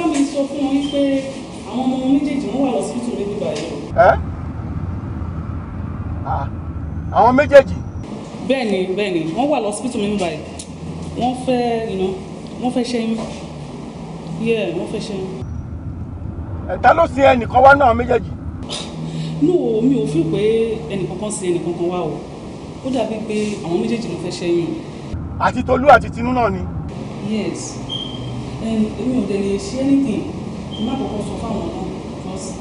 bá mi sọ fún wọn wípé àwọn ọmọ wọn méjèèjì wọn wà lọ́sibítù níbí báyìí o. ẹ àwọn méjèèjì. bẹ́ẹ̀ni bẹ́ẹ̀ni wọn wà lọ́sibítù níbí báyìí wọn fẹ́ iná wọn fẹ́ ṣẹ́yìn yẹ wọn fẹ́ ṣẹ́yìn. ẹ̀ta ló sin ẹnìkan wá náà méjèèjì. nù o mi ò fi pé ẹnìkankan sin ẹnìkankan wá o ó dàbí pé àwọn méjèèjì ló fẹ́ ṣẹ́yìn. àti Tolú àti Tinú náà ni. yes ẹni èmi ò dẹ̀ lè ṣe anything mo má kọ́kọ́ sọ fáwọn náà because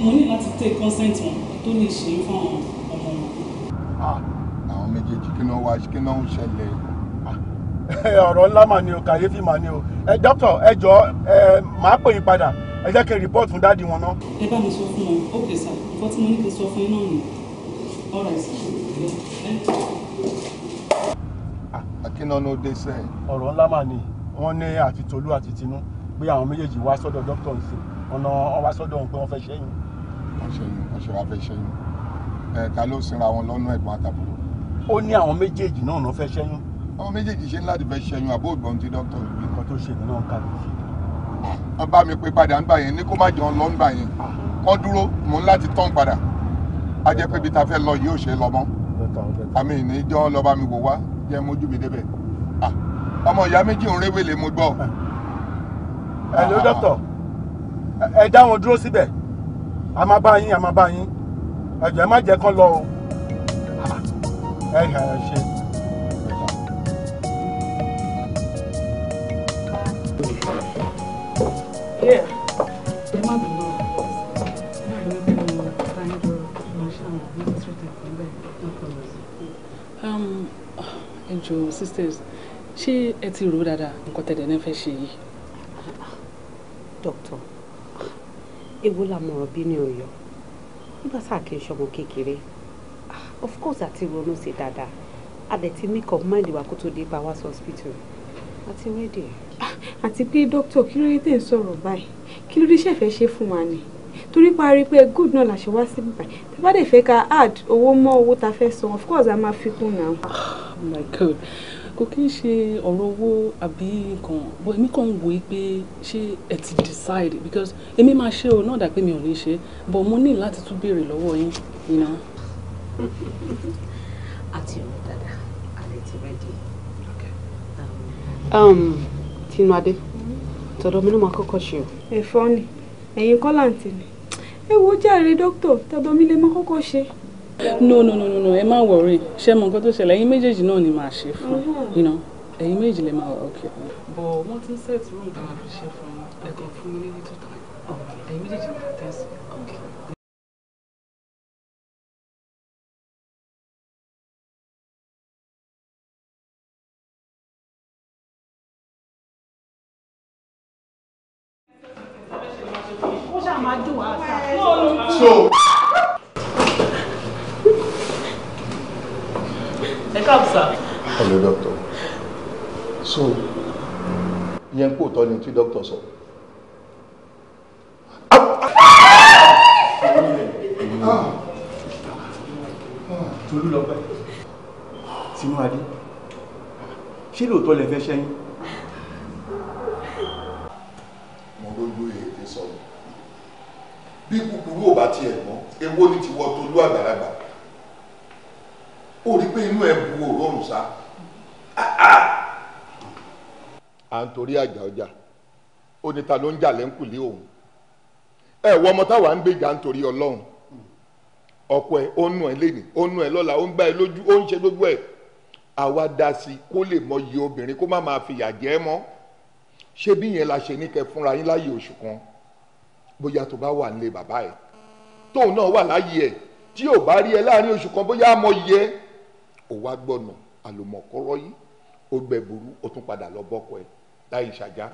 mo ní láti take consent wọn tó lè ṣe é fáwọn ọmọ wọn. Ah, àwọn méjèèjì kí náà wá kí náà ń ṣẹlẹ̀ ah. ọ̀rọ̀ ńlá mà ni o kàyéfì mà ni o ẹ eh, dókítà ẹ jọ ẹ eh, máa pè yín padà ẹ jẹ́ kí n report fún dáàdi wọn náà. ẹ bá mi sọ fún wọn ó pè sá nǹkan tí mo ní kí n sọ fún yín náà ọ̀rọ̀ ẹ̀sìn ẹ̀. akínọ́nù dé sẹ́yìn. ọ̀rọ̀ ńlá mà ni wọ́n ní àti Tolú àti Tinú pé àwọn méjèèjì wá sọ́dọ̀ dókítà nsìn ọ̀nà ọwá sọ́dọ̀ òun pé wọ́n fẹ́ ṣẹ́yìn. wọ́n ṣẹ́yìn wọ́n ṣe wá fẹ́ ṣẹ́yìn ẹ ta ló sinra wọn lọ́nà ẹ̀gbọ́n àtàbúrò. ó ní àwọn méjèèjì náà ló fẹ́ ṣẹ́yìn. àwọn méjèèjì ṣe ní láti fẹ́ ṣẹ́yìn àbó ìgbọ̀n ti dókítà rẹ̀. nǹkan tó ṣe náà ká ló ṣe. wọ́n bá mi pé padà ńgbà yẹn ní kó má jẹun lọ ńgbà yẹn ah. kọ́ dúró mò ń láti tán padà a jẹ́ pé ibi ta fẹ́ lọ yìí ò ṣe lọ mọ́ àmì ìníjọ́ ọmọ ìyá méjì òun réwèlé mo gbọ́. ẹ ló dọ́tọ̀ ẹ dá wọn dúró síbẹ̀ a máa bá yín a máa bá yín ẹ̀jọ̀ ẹ má jẹ́ kán lọ o ẹ ẹ ṣe. Yeah. Um, ẹ má bínú. Um, enjoy sisters ṣé ẹ ti rò ó dáadáa nǹkan tẹ̀lẹ̀ náà fẹ́ ṣe yìí. dókítà ewu làmọ̀ràn bí ní ọ̀yọ́ nígbà tá a kì í ṣọmọ kékeré of course àti ronú sí dáadáa a dẹ̀ ti make up mind wa kó tó dé bá wa sí hospital àti ready. àti pé dókítà kí ló dé tẹ̀ ń sọ̀rọ̀ báyìí kí ló dé ṣẹ̀fẹ̀ ṣe fún wa ni torí pa pé good náà la ṣe wá sí bíbá tí bá dẹ̀ fẹ́ ká add owó mọ́ owó ta fẹ́ san of course a máa fi kún náà. oh my god kò kí ń ṣe ọ̀rọ̀ owó àbí nǹkan bó èmi kàn ń wò ó pé ṣé ẹ ti decide because èmi máa ṣe o náà dà pé mi ò ní ṣe but mo ní láti tún béèrè lọ́wọ́ yín you know. àti ọ̀rọ̀ dada alẹ́ ti rẹ́dí. Um, tinú adé tọ̀dọ̀ mi ló máa kọ́kọ́ ṣe o. ẹ̀fọ́ ni ẹ̀yin kọ́láǹtì ni ewu jàre dókítà tọ̀dọ̀ mi lè máa kọ́kọ́ ṣe no no no no ẹ má wọrí ṣé mọ nǹkan tó ṣẹlẹ̀ ẹ̀yin méjèèjì náà ni màá ṣe fún yín ẹ̀yin méjèèjì lè máa wà ókè. bọ̀ ti ń set room táwọn fi ṣe fún ẹ̀kan fún mi ní two thousand ẹ̀yin méjèèjì ní tẹ̀sán. lóòótọ́ lè fẹ́ ṣẹ́yìn. mo lójú sọ̀rọ̀ bí kúkúrú ò bá tiẹ̀ mọ́ ewó ní ti wọ́ tó àgbàlagbà ó rí pé inú ẹ̀ bu òórùn torí àjà ọjà ló ń jà lẹ́ńkùlé òun ẹ wọ ọmọ táwa àwa dá sí i kó lè mọyì obìnrin kó má máa fìyà jẹ mọ́ ṣé bí yẹn la ṣe ní kẹ́ fúnra yín láàyè oṣù kan bóyá tó bá wà nílé bàbá ẹ̀ tóun náà wà láàyè ẹ̀ tí ò bá rí ẹ láàrin oṣù kan bóyá mọyì ẹ ò wá gbọnà àlòmọ̀kọ́rọ́ yìí ó gbẹ̀bùrú ó tún padà lọ bọ́kọ ẹ̀ láì ṣàjá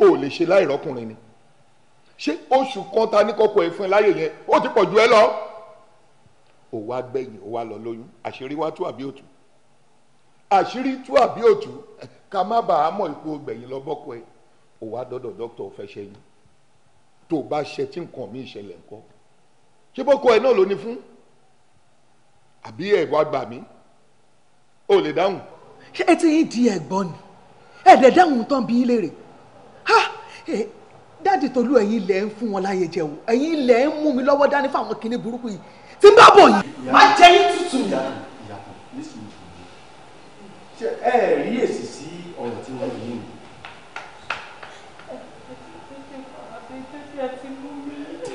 o lè ṣe láì rọ́kùnrin ni ṣé oṣù kan ta ní kọ́kọ́ ẹ̀ fún ẹ láàyè yẹn ó ti pọ̀ ju ẹ lọ ò wá gbẹ̀yìn ò wá lọ lóyún àṣírí wá tú àbí òtù àṣírí tú àbí òtù ká má bàa mọ̀ ipò gbẹ̀yìn lọ bọ́kọ ẹ̀ ò wá dọ́dọ̀ dókítà ò fẹ́ ṣẹ́yìn tó bá ṣe tí nǹkan mi ìṣẹ̀lẹ̀ ńkọ́ ṣé bọ́kọ ẹ̀ náà ló ní fún àbí ẹ̀ wá gbà mí ò lè dáhùn. ṣé ẹ ti yín di ẹ̀gbọ́n ni ẹ̀ẹ́dẹ̀ dáhùn tán bí léèrè ha dáàdì Tolú ẹ̀yin lẹ̀ ń fún wọn láyé jẹ́ o ẹ̀yin lẹ̀ ń mú mi lọ́wọ́ dání fáwọn kinní burúkú yìí tí n bá bọ̀ yìí má jẹ́ yín tútù. ṣé ẹ rí èsì sí ọ̀rọ̀ tí wọ́n yìí ni.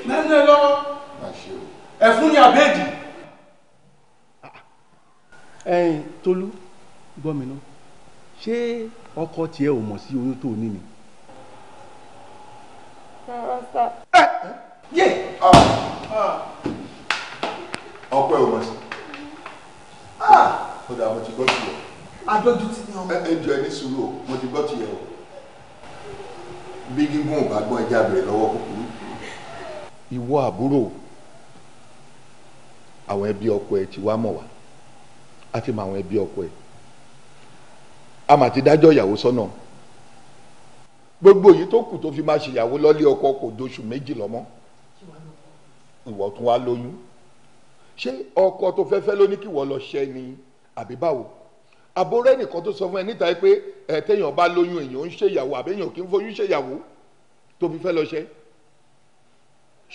nínú ẹ lọ́wọ́ ẹ̀fún ni àbẹ́ẹ̀dì. ẹyin Tolú gbọ́ mi náà ṣé ọkọ tiẹ̀ ò mọ̀ sí oyún tó o ní ni. rárá ẹ yé. Ah, ah ọpẹ́ ò mọ̀ sí. ó dà mo ti gbọ́ tiẹ̀. adójú ti ní ọmọ. ẹ jọ ẹ ní sùúrù o mo ti gbọ́ tiẹ̀ o. bí gígùn ò bá gbọ́n ẹja bẹ̀rẹ̀ lọ́wọ́ kúkúrú. ìwọ àbúrò àwọn ẹbí ọkọ ẹ ti wá mọ̀ wá a ti mọ àwọn ẹbí ọkọ ẹ a mà ti dájọ́ ìyàwó sọ́nà gbogbo yìí tó kù tó fi máa ṣèyàwó lọ́lé ọkọ kò doṣù méjì lọ́mọ́ ìwọ tún wá lóyún ṣé ọkọ tó fẹ́ fẹ́ ló ní kí wọ́n lọ ṣẹ́ ni àbí báwo àbórẹ́ nìkan tó sọ fún ẹ níta pé ẹ téèyàn bá lóyún èèyàn ń ṣèyàwó àbẹ́yàn kì í foyún ṣèyàwó tó fi fẹ́ lọ ṣẹ́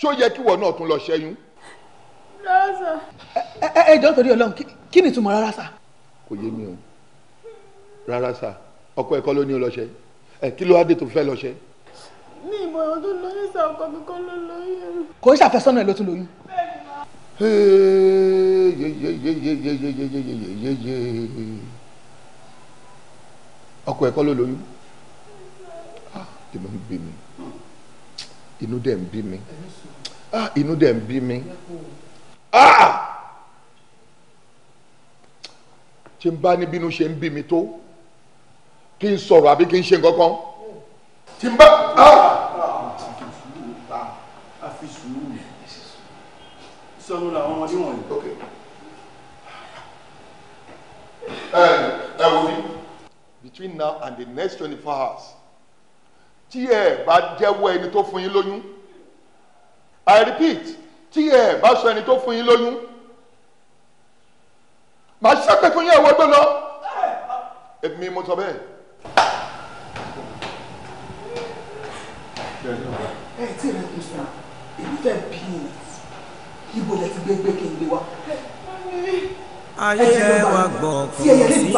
ṣó yẹ kí wọ́n náà tún lọ ṣẹ́yún. rárá sà. ẹ ẹ jọ̀ọ́ torí Ọlọ́run kí ni ìtumọ̀ rárá sà. kò yé mi o rárá sà ọkọ ẹ kọ́ ló ní o lọ ṣẹ́ ẹ kí ló wá dé tó fẹ́ lọ ṣẹ́. ní ìmọ̀ ọdún lóyún sà ọkọ mi kọ́ ló lóyún. kò ń ṣàfẹ́sọ́nà ẹ̀ ló tún lóyún ọkọ ẹ̀kọ́ ló lóyún ah, inú ń bí mi inú dẹ̀ ń bí mi ah, inú dẹ̀ ń bí mi ah! tí n bá ní bínú ṣe ń bí mi tó kí n sọ̀rọ̀ àbí kí n ṣe nǹkan kan tí n bá. sọnù làwọn ọmọdé wọ̀nyí. ẹ wo bí. between now and the next twenty four hours tí ẹ bá jẹ́wọ́ ẹni tó fún yín lóyún i repeat tí ẹ bá sọ ẹni tó fún yín lóyún màá ṣépè fún yín ẹ̀wọ́ gbé lọ èmi mo sọ bẹ́ẹ̀. ẹ tí ì rẹ kùsùn èmi fẹ́ bí i ibo lẹ ti gbé gbé kí n gbé wa. ayé wa gbọ̀ kò sí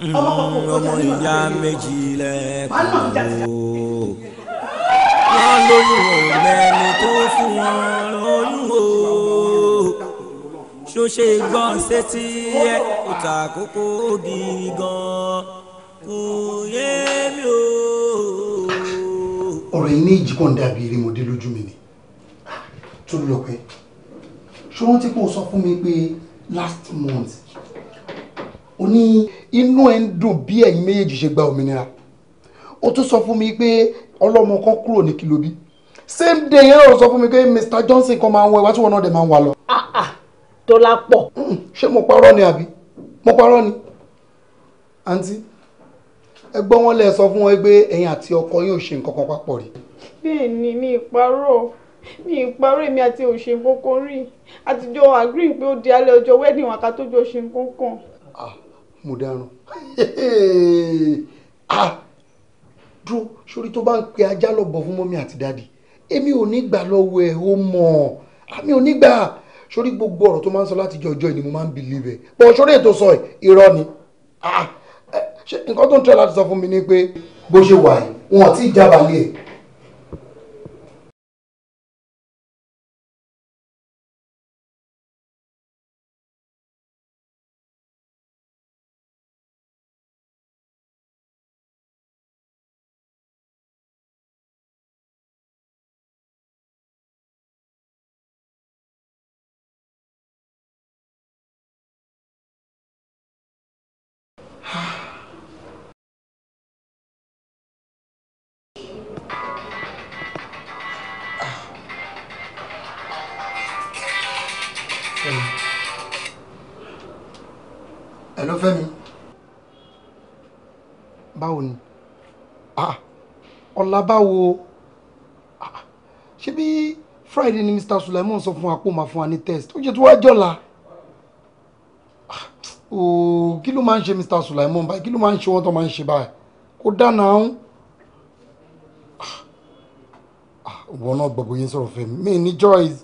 kọ́ ọmọ mm, ìyá méjì lẹ́kọ̀ọ́ wọ́n lóyún òun lẹ́ni tó fún wọn lóyún o ṣó ṣe gbọ́ ẹ kò kókó gidi gan kò yé mi o. ọ̀rọ̀ yìí ní ìjìkọ̀ ń dàbí erémọdé lójú mi ni Tolúlọpẹ́ ṣé wọ́n ti pé o sọ fún mi pé last month o ní inú ẹ̀ ń dùn bí ẹ̀yin méjèèjì ṣe gba òmìnira o tún sọ fún mi pé ọlọ́mọ kan kúrò ní kìlóbí same day yẹn lọ́rọ̀ sọ fún mi pé Mr Johnson kan máa ń wọ ìwà tí wọn náà dẹ̀ máa ń wà lọ. Ah, ah, tọ́lá pọ̀. Hmm, ṣé mo parọ́ ni àbí mo parọ́ ni àǹtí ẹgbọ́n wọn lẹ sọ fún wọn pé ẹ̀yin àti ọkọ yóò ṣe nǹkan kan papọ̀ rí. bẹ́ẹ̀ ni mi mi ìparọ́ èmi àti òṣè kankan rí àtijọ́ agree pé ó di alẹ́ ọjọ́ wedding wa ká tó jọ ṣe kankan. Ah, mo dáràn ah, dúró sórí tó bá ń pe ajá lọ́bọ̀ fún mọ́mí àti dáàdì èmi ò ní gbà lọ́wọ́ ẹ̀ ó mọ̀ àmì ah, ò ní gbà sórí gbogbo ọ̀rọ̀ tó máa ń sọ láti jọ ọjọ́ yìí ni mo máa ń believe ẹ̀ bọ̀ sórí ètò sọ ẹ̀ irọ́ ni eh, nǹkan tó ń tẹ́ láti sọ fún mi ni pé bó ṣe wà yìí wọn ò tí ì jábàálẹ̀ ẹ̀ ọ̀la báwo ṣé bí Friday ni Mr. Sulaiman sọ fún wa pé ó máa fún wa ní test ó jẹ́ tó wá jọ̀la ooo kí ló máa ń ṣe Mr. Sulaiman báyìí kí ló máa ń ṣe wọ́n tó máa ń ṣe báyìí kó dáná ọ̀hún wọn náà gbogbo yín sọ̀rọ̀ fẹ́ mi ní choice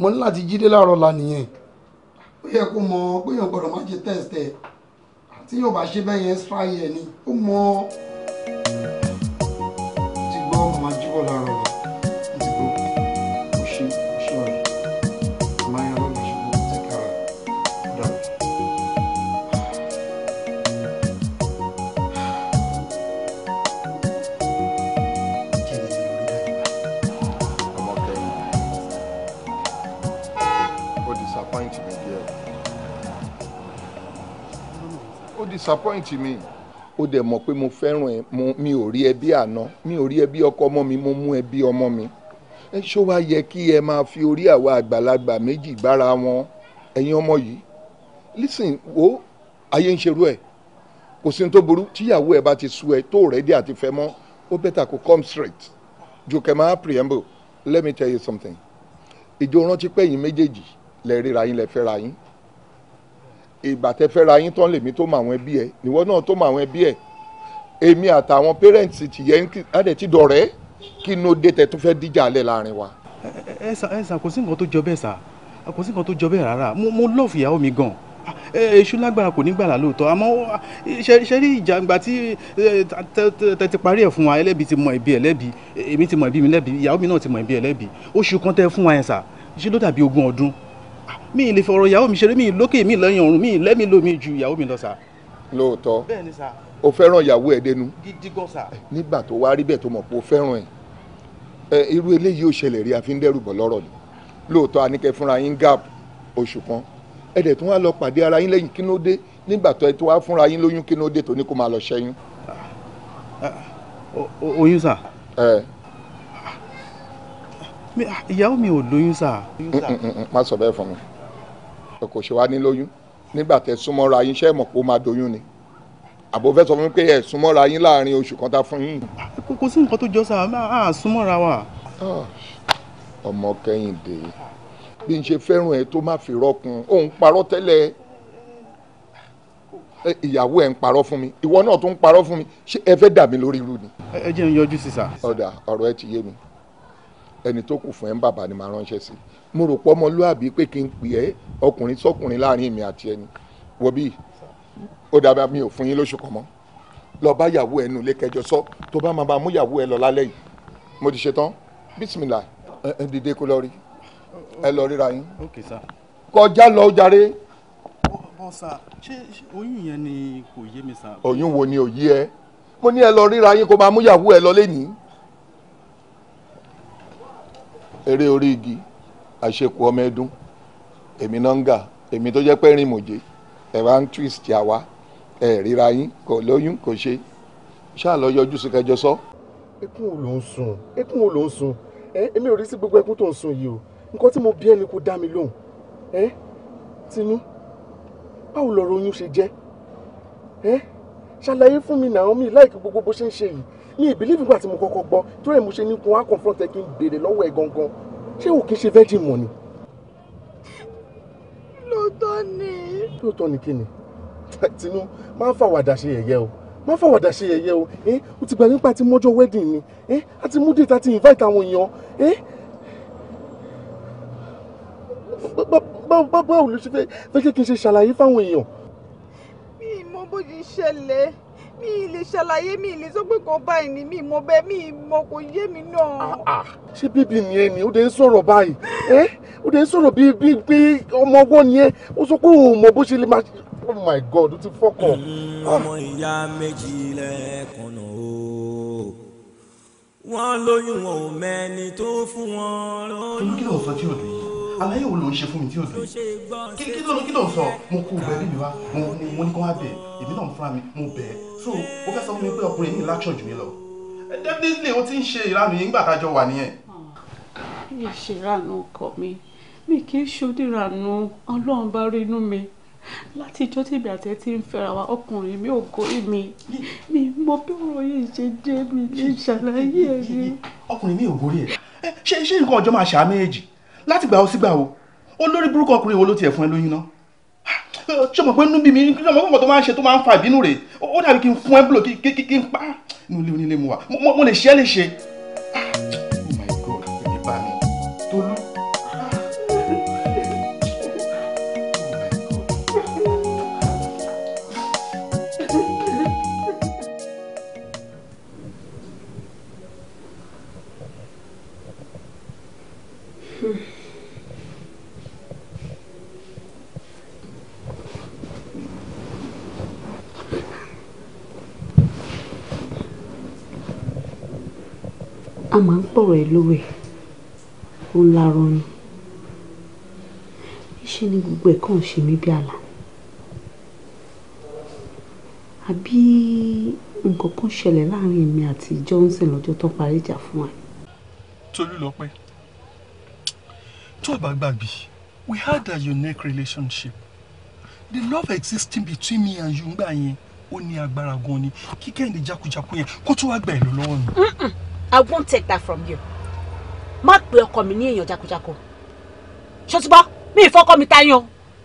mo ní láti jíde láàárọ̀ la nìyẹn ó yẹ kó mọ pé èèyàn gbọ́dọ̀ má ṣe test ẹ̀ tí yóò bá ṣe bẹ́ẹ̀ yẹn extra ni ó mọ. disappoint mi ó dẹ̀ mọ̀ pé mo fẹ́ràn ẹ mi ò rí ẹ àná mi ò rí ẹ ọkọ ọmọ mi mo mú ẹ ọmọ mi ẹ ṣó wá yẹ kí ẹ máa fi orí àwa àgbàlagbà méjì bára wọn ẹ̀yin ọmọ yìí listen wo ayé ń ṣerú ẹ kò sí ní tó burú tíyàwó ẹ bá ti sú ẹ tó rẹ́dí àti fẹ́ mọ́ ó bẹ́tà kó come straight ju kẹ́ máa preamble let me tell you something ìjọ rántí pé ẹ̀yin méjèèjì lẹ ríra yín lẹ fẹ́ra yín ìgbà tẹ fẹ́ ra yín tán lèmi tó mọ àwọn ẹbí ẹ níwọ náà tó mọ àwọn ẹbí ẹ èmi àtàwọn parents tìyẹ á dẹ̀ ti dọ̀rẹ́ kí inú dé tẹ tún fẹ́ díjà alẹ́ láàrin wa. ẹ ẹ sà kò sí nǹkan tó jọ bẹ́ẹ̀ sà kò sí nǹkan tó jọ bẹ́ẹ̀ rárá mo love ìyàwó mi gan èṣù lágbára kò ní gbàrà lóòótọ́ àmọ́ ṣe rí ìjàngbà tí tẹ ti parí ẹ̀ fún wa ẹlẹ́bi ti mọ ẹ̀bi ẹlẹ́bi èmi ti mọ ẹ̀bi mi lẹ́bi ìyàwó mi náà ti mọ ẹ̀bi ẹlẹ́bi oṣù kan tẹ fún wa yẹn sà ṣe ló dàbí ogún ọdún mi ì lè fọ̀rọ̀ ìyàwó mi ṣeré mi ì lókè mi ì lẹ́yìn ọ̀run mi ì lẹ́mi lómi ju ìyàwó mi lọ sà. lóòótọ́ o fẹ́ràn ìyàwó ẹ̀ dẹnu. gidi gan sà. nígbà tó wá rí bẹ́ẹ̀ tó mọ̀ pé o fẹ́ràn ẹ̀ ẹ irú eléyìí ò ṣẹlẹ̀ rí àfi ń dẹ́rù bọ̀ lọ́rọ̀ ni lóòótọ́ aníkẹ́ fúnra yín gap oṣù kan ẹ dẹ̀ tún wá lọ pàdé ara yín lẹ́yìn kínódé nígbà tó ẹ tó wá fúnra yín lóyún kínódé tó ní kó máa lọ ṣẹ́yún. Ah, oyún sà. ẹ ah, ìyàwó mi ò lóyún sà. Mm, mm, mm, má sọ bẹ́ẹ̀ fún mi kò ṣe wá ní lóyún nígbà tẹ súnmọ́ra yín ṣẹ́ mọ̀ pé ó máa doyún ni àbò fẹ́ sọ fún mi pé ẹ̀ súnmọ́ra yín láàrin oṣù kan tá fún yín. kò sí nǹkan tó jọ sáà á súnmọ́ra wa. Ah, ọmọ kẹ́hìndé bí n ṣe fẹ́ràn ẹ tó má fi rọ́kun òun parọ́ tẹ́lẹ̀ ìyàwó ẹ̀ ń parọ́ fún mi ìwọ náà tó ń parọ́ fún mi ṣé ẹ fẹ́ dà mí lórí irú ni. ẹ jẹ́ n yọjú sí sà. ọ̀dà ọ̀rọ̀ ẹ ti yé mi ẹni tó kù fún ẹ ń bàbá ni màá ránṣẹ́ sí i mo rò pọ́ ọmọlúàbí pé kí n pè ẹ́ ọkùnrin sọkùnrin láàrin mi àti ẹni wọ bí ó dábàá mi ò fún yín lóṣù kan mọ́ lọ bá yàwó ẹ nù lẹ́kẹjọ sọ tó bá máa bá mú yàwó ẹ lọ lálẹ́ yìí mo ti ṣetán bísímìlà ẹ dìde kó lọ rí ẹ lọ ríra yín kọjá lọ ó ṣé oyún yẹn ni kò yé mi sà. oyún wo ni ò yé ẹ mo ní ẹ lọ ríra yín kó máa mú yàwó ẹ lọ lẹ́nìí. eré orí igi àṣekù ọmọ ẹdún èmi náà ń gà èmi tó jẹ́ pé rìn mòjé ẹ̀ wá ń twist àwa ẹ̀ ríra yín kò lóyún kò ṣe ṣáà lọ yọjú sí kẹjọ sọ. ẹkún wo ló ń sun ẹkún wo ló ń sun ẹ èmi ò rí sí gbogbo ẹkún tó ń sun yìí o nǹkan tí mo bí ẹni kò dá mi lóhùn ẹ tinú báwo lọ̀rọ̀ oyún ṣe jẹ́ ẹ ṣàlàyé fún mi Naomi láìkí gbogbo bó ṣe ń ṣe yìí mi ì bìlíìfù gbà tí mo kọ́kọ́ gbọ́ tó rẹ̀ mo ṣe ní kun á confront ẹ kí n béèrè lọ́wọ́ ẹ gangan ṣé òkè ṣe virgin mọ̀ ni. lóòótọ́ ni. lóòótọ́ ni kí ni tinú máa ń fàwàdà ṣe yẹ̀yẹ́ o má fàwàdà ṣe yẹ̀yẹ́ o ó ti gbà nípa ti mọ́jọ́ wedding ni a ti mú date àti invite àwọn èèyàn báwo ló ṣe fẹ́ kí n ṣe ṣàlàyé fáwọn èèyàn. mi ì mọ bó ṣe ṣẹlẹ̀ mi lè ṣàlàyé mi lè sọ pé kan báyìí ni mi mọ bẹ́ẹ̀ mi mọ kò yé mi náà. Ah, ah. ṣé bíbí ni ẹ ní ó dé ń sọ̀rọ̀ báyìí ẹ ó dé ń sọ̀rọ̀ bíi bíi pé ọmọ ọwọ́ ni ẹ ó sọ pé òun mọ bó ṣe lè máa oh my god ó ti fọ́kọ̀. ọmọ ìyá méjì lẹ́ẹ̀kan náà o wọ́n lóyún wọn ò mẹ́ni tó fún wọn lóyún. kí ló sọ tí o dùn yìí wo ló ń ṣe fún mi tí o dùn yìí kí ló ń sọ mo kó o bí mi wá mo ní kó wá bẹ èmi náà fúnra mi mo bẹ so o fẹ́ sọ fún mi pé ọkùnrin mi láṣọ jù mí lọ definitely o ti ń ṣe ìranù yìí nígbà tájọ wà nìyẹn. mi ò ṣe ìranù ọkọ mi mi kì í ṣòdìranù ọlọ́run bá rí inú mi láti ìjọ tí ìgbà tẹ ti ń fẹ́ra wa ọkùnrin mi ò gorí mi mi mọ bí ọ̀rọ̀ yìí ṣe dé mi lè ṣàlàyé ẹ̀ ni. ọkùnrin mi ò gorí ẹ̀ ṣé ṣé nǹkan ọjọ́ máa ṣàá méjèèjì láti gbà ó sígbà o olórí burúkú ọkùnrin wo ló tiẹ̀ fún ẹ lóyún náà ṣé mo pé nú bí mi ṣé mo pé nǹkan tó máa ń ṣe tó máa ń fa ìbínú rẹ̀ ó dàbí kí n fún ẹ́ bùlọ̀ kí n pa nínú ilé onílé wà mo lè ṣe lè ṣe. tọ̀rọ̀ ẹ lówẹ̀ ó ń larọ ni níṣẹ́ ni gbogbo ẹ̀ kàn ń ṣe mí bí àlá àbí nǹkan kan ṣẹlẹ̀ láàrin èmi àti Johnson lọ́jọ́ tó parí ìjà fún wa. Tolúlọpẹ́ tó o bá gbàgbé we had a unique relationship the love existing between me and you ngbà yẹn ó ní agbára gan ni kí kẹ́hìndé jákujáku yẹn kó tó wá gbà ẹ̀ lọ́wọ́ mi. I won't take that from you. Má pe ọkọ mi ní èèyàn jákujàku. Ṣọ́tíbọ́, mi ìfọkọ mi tayán,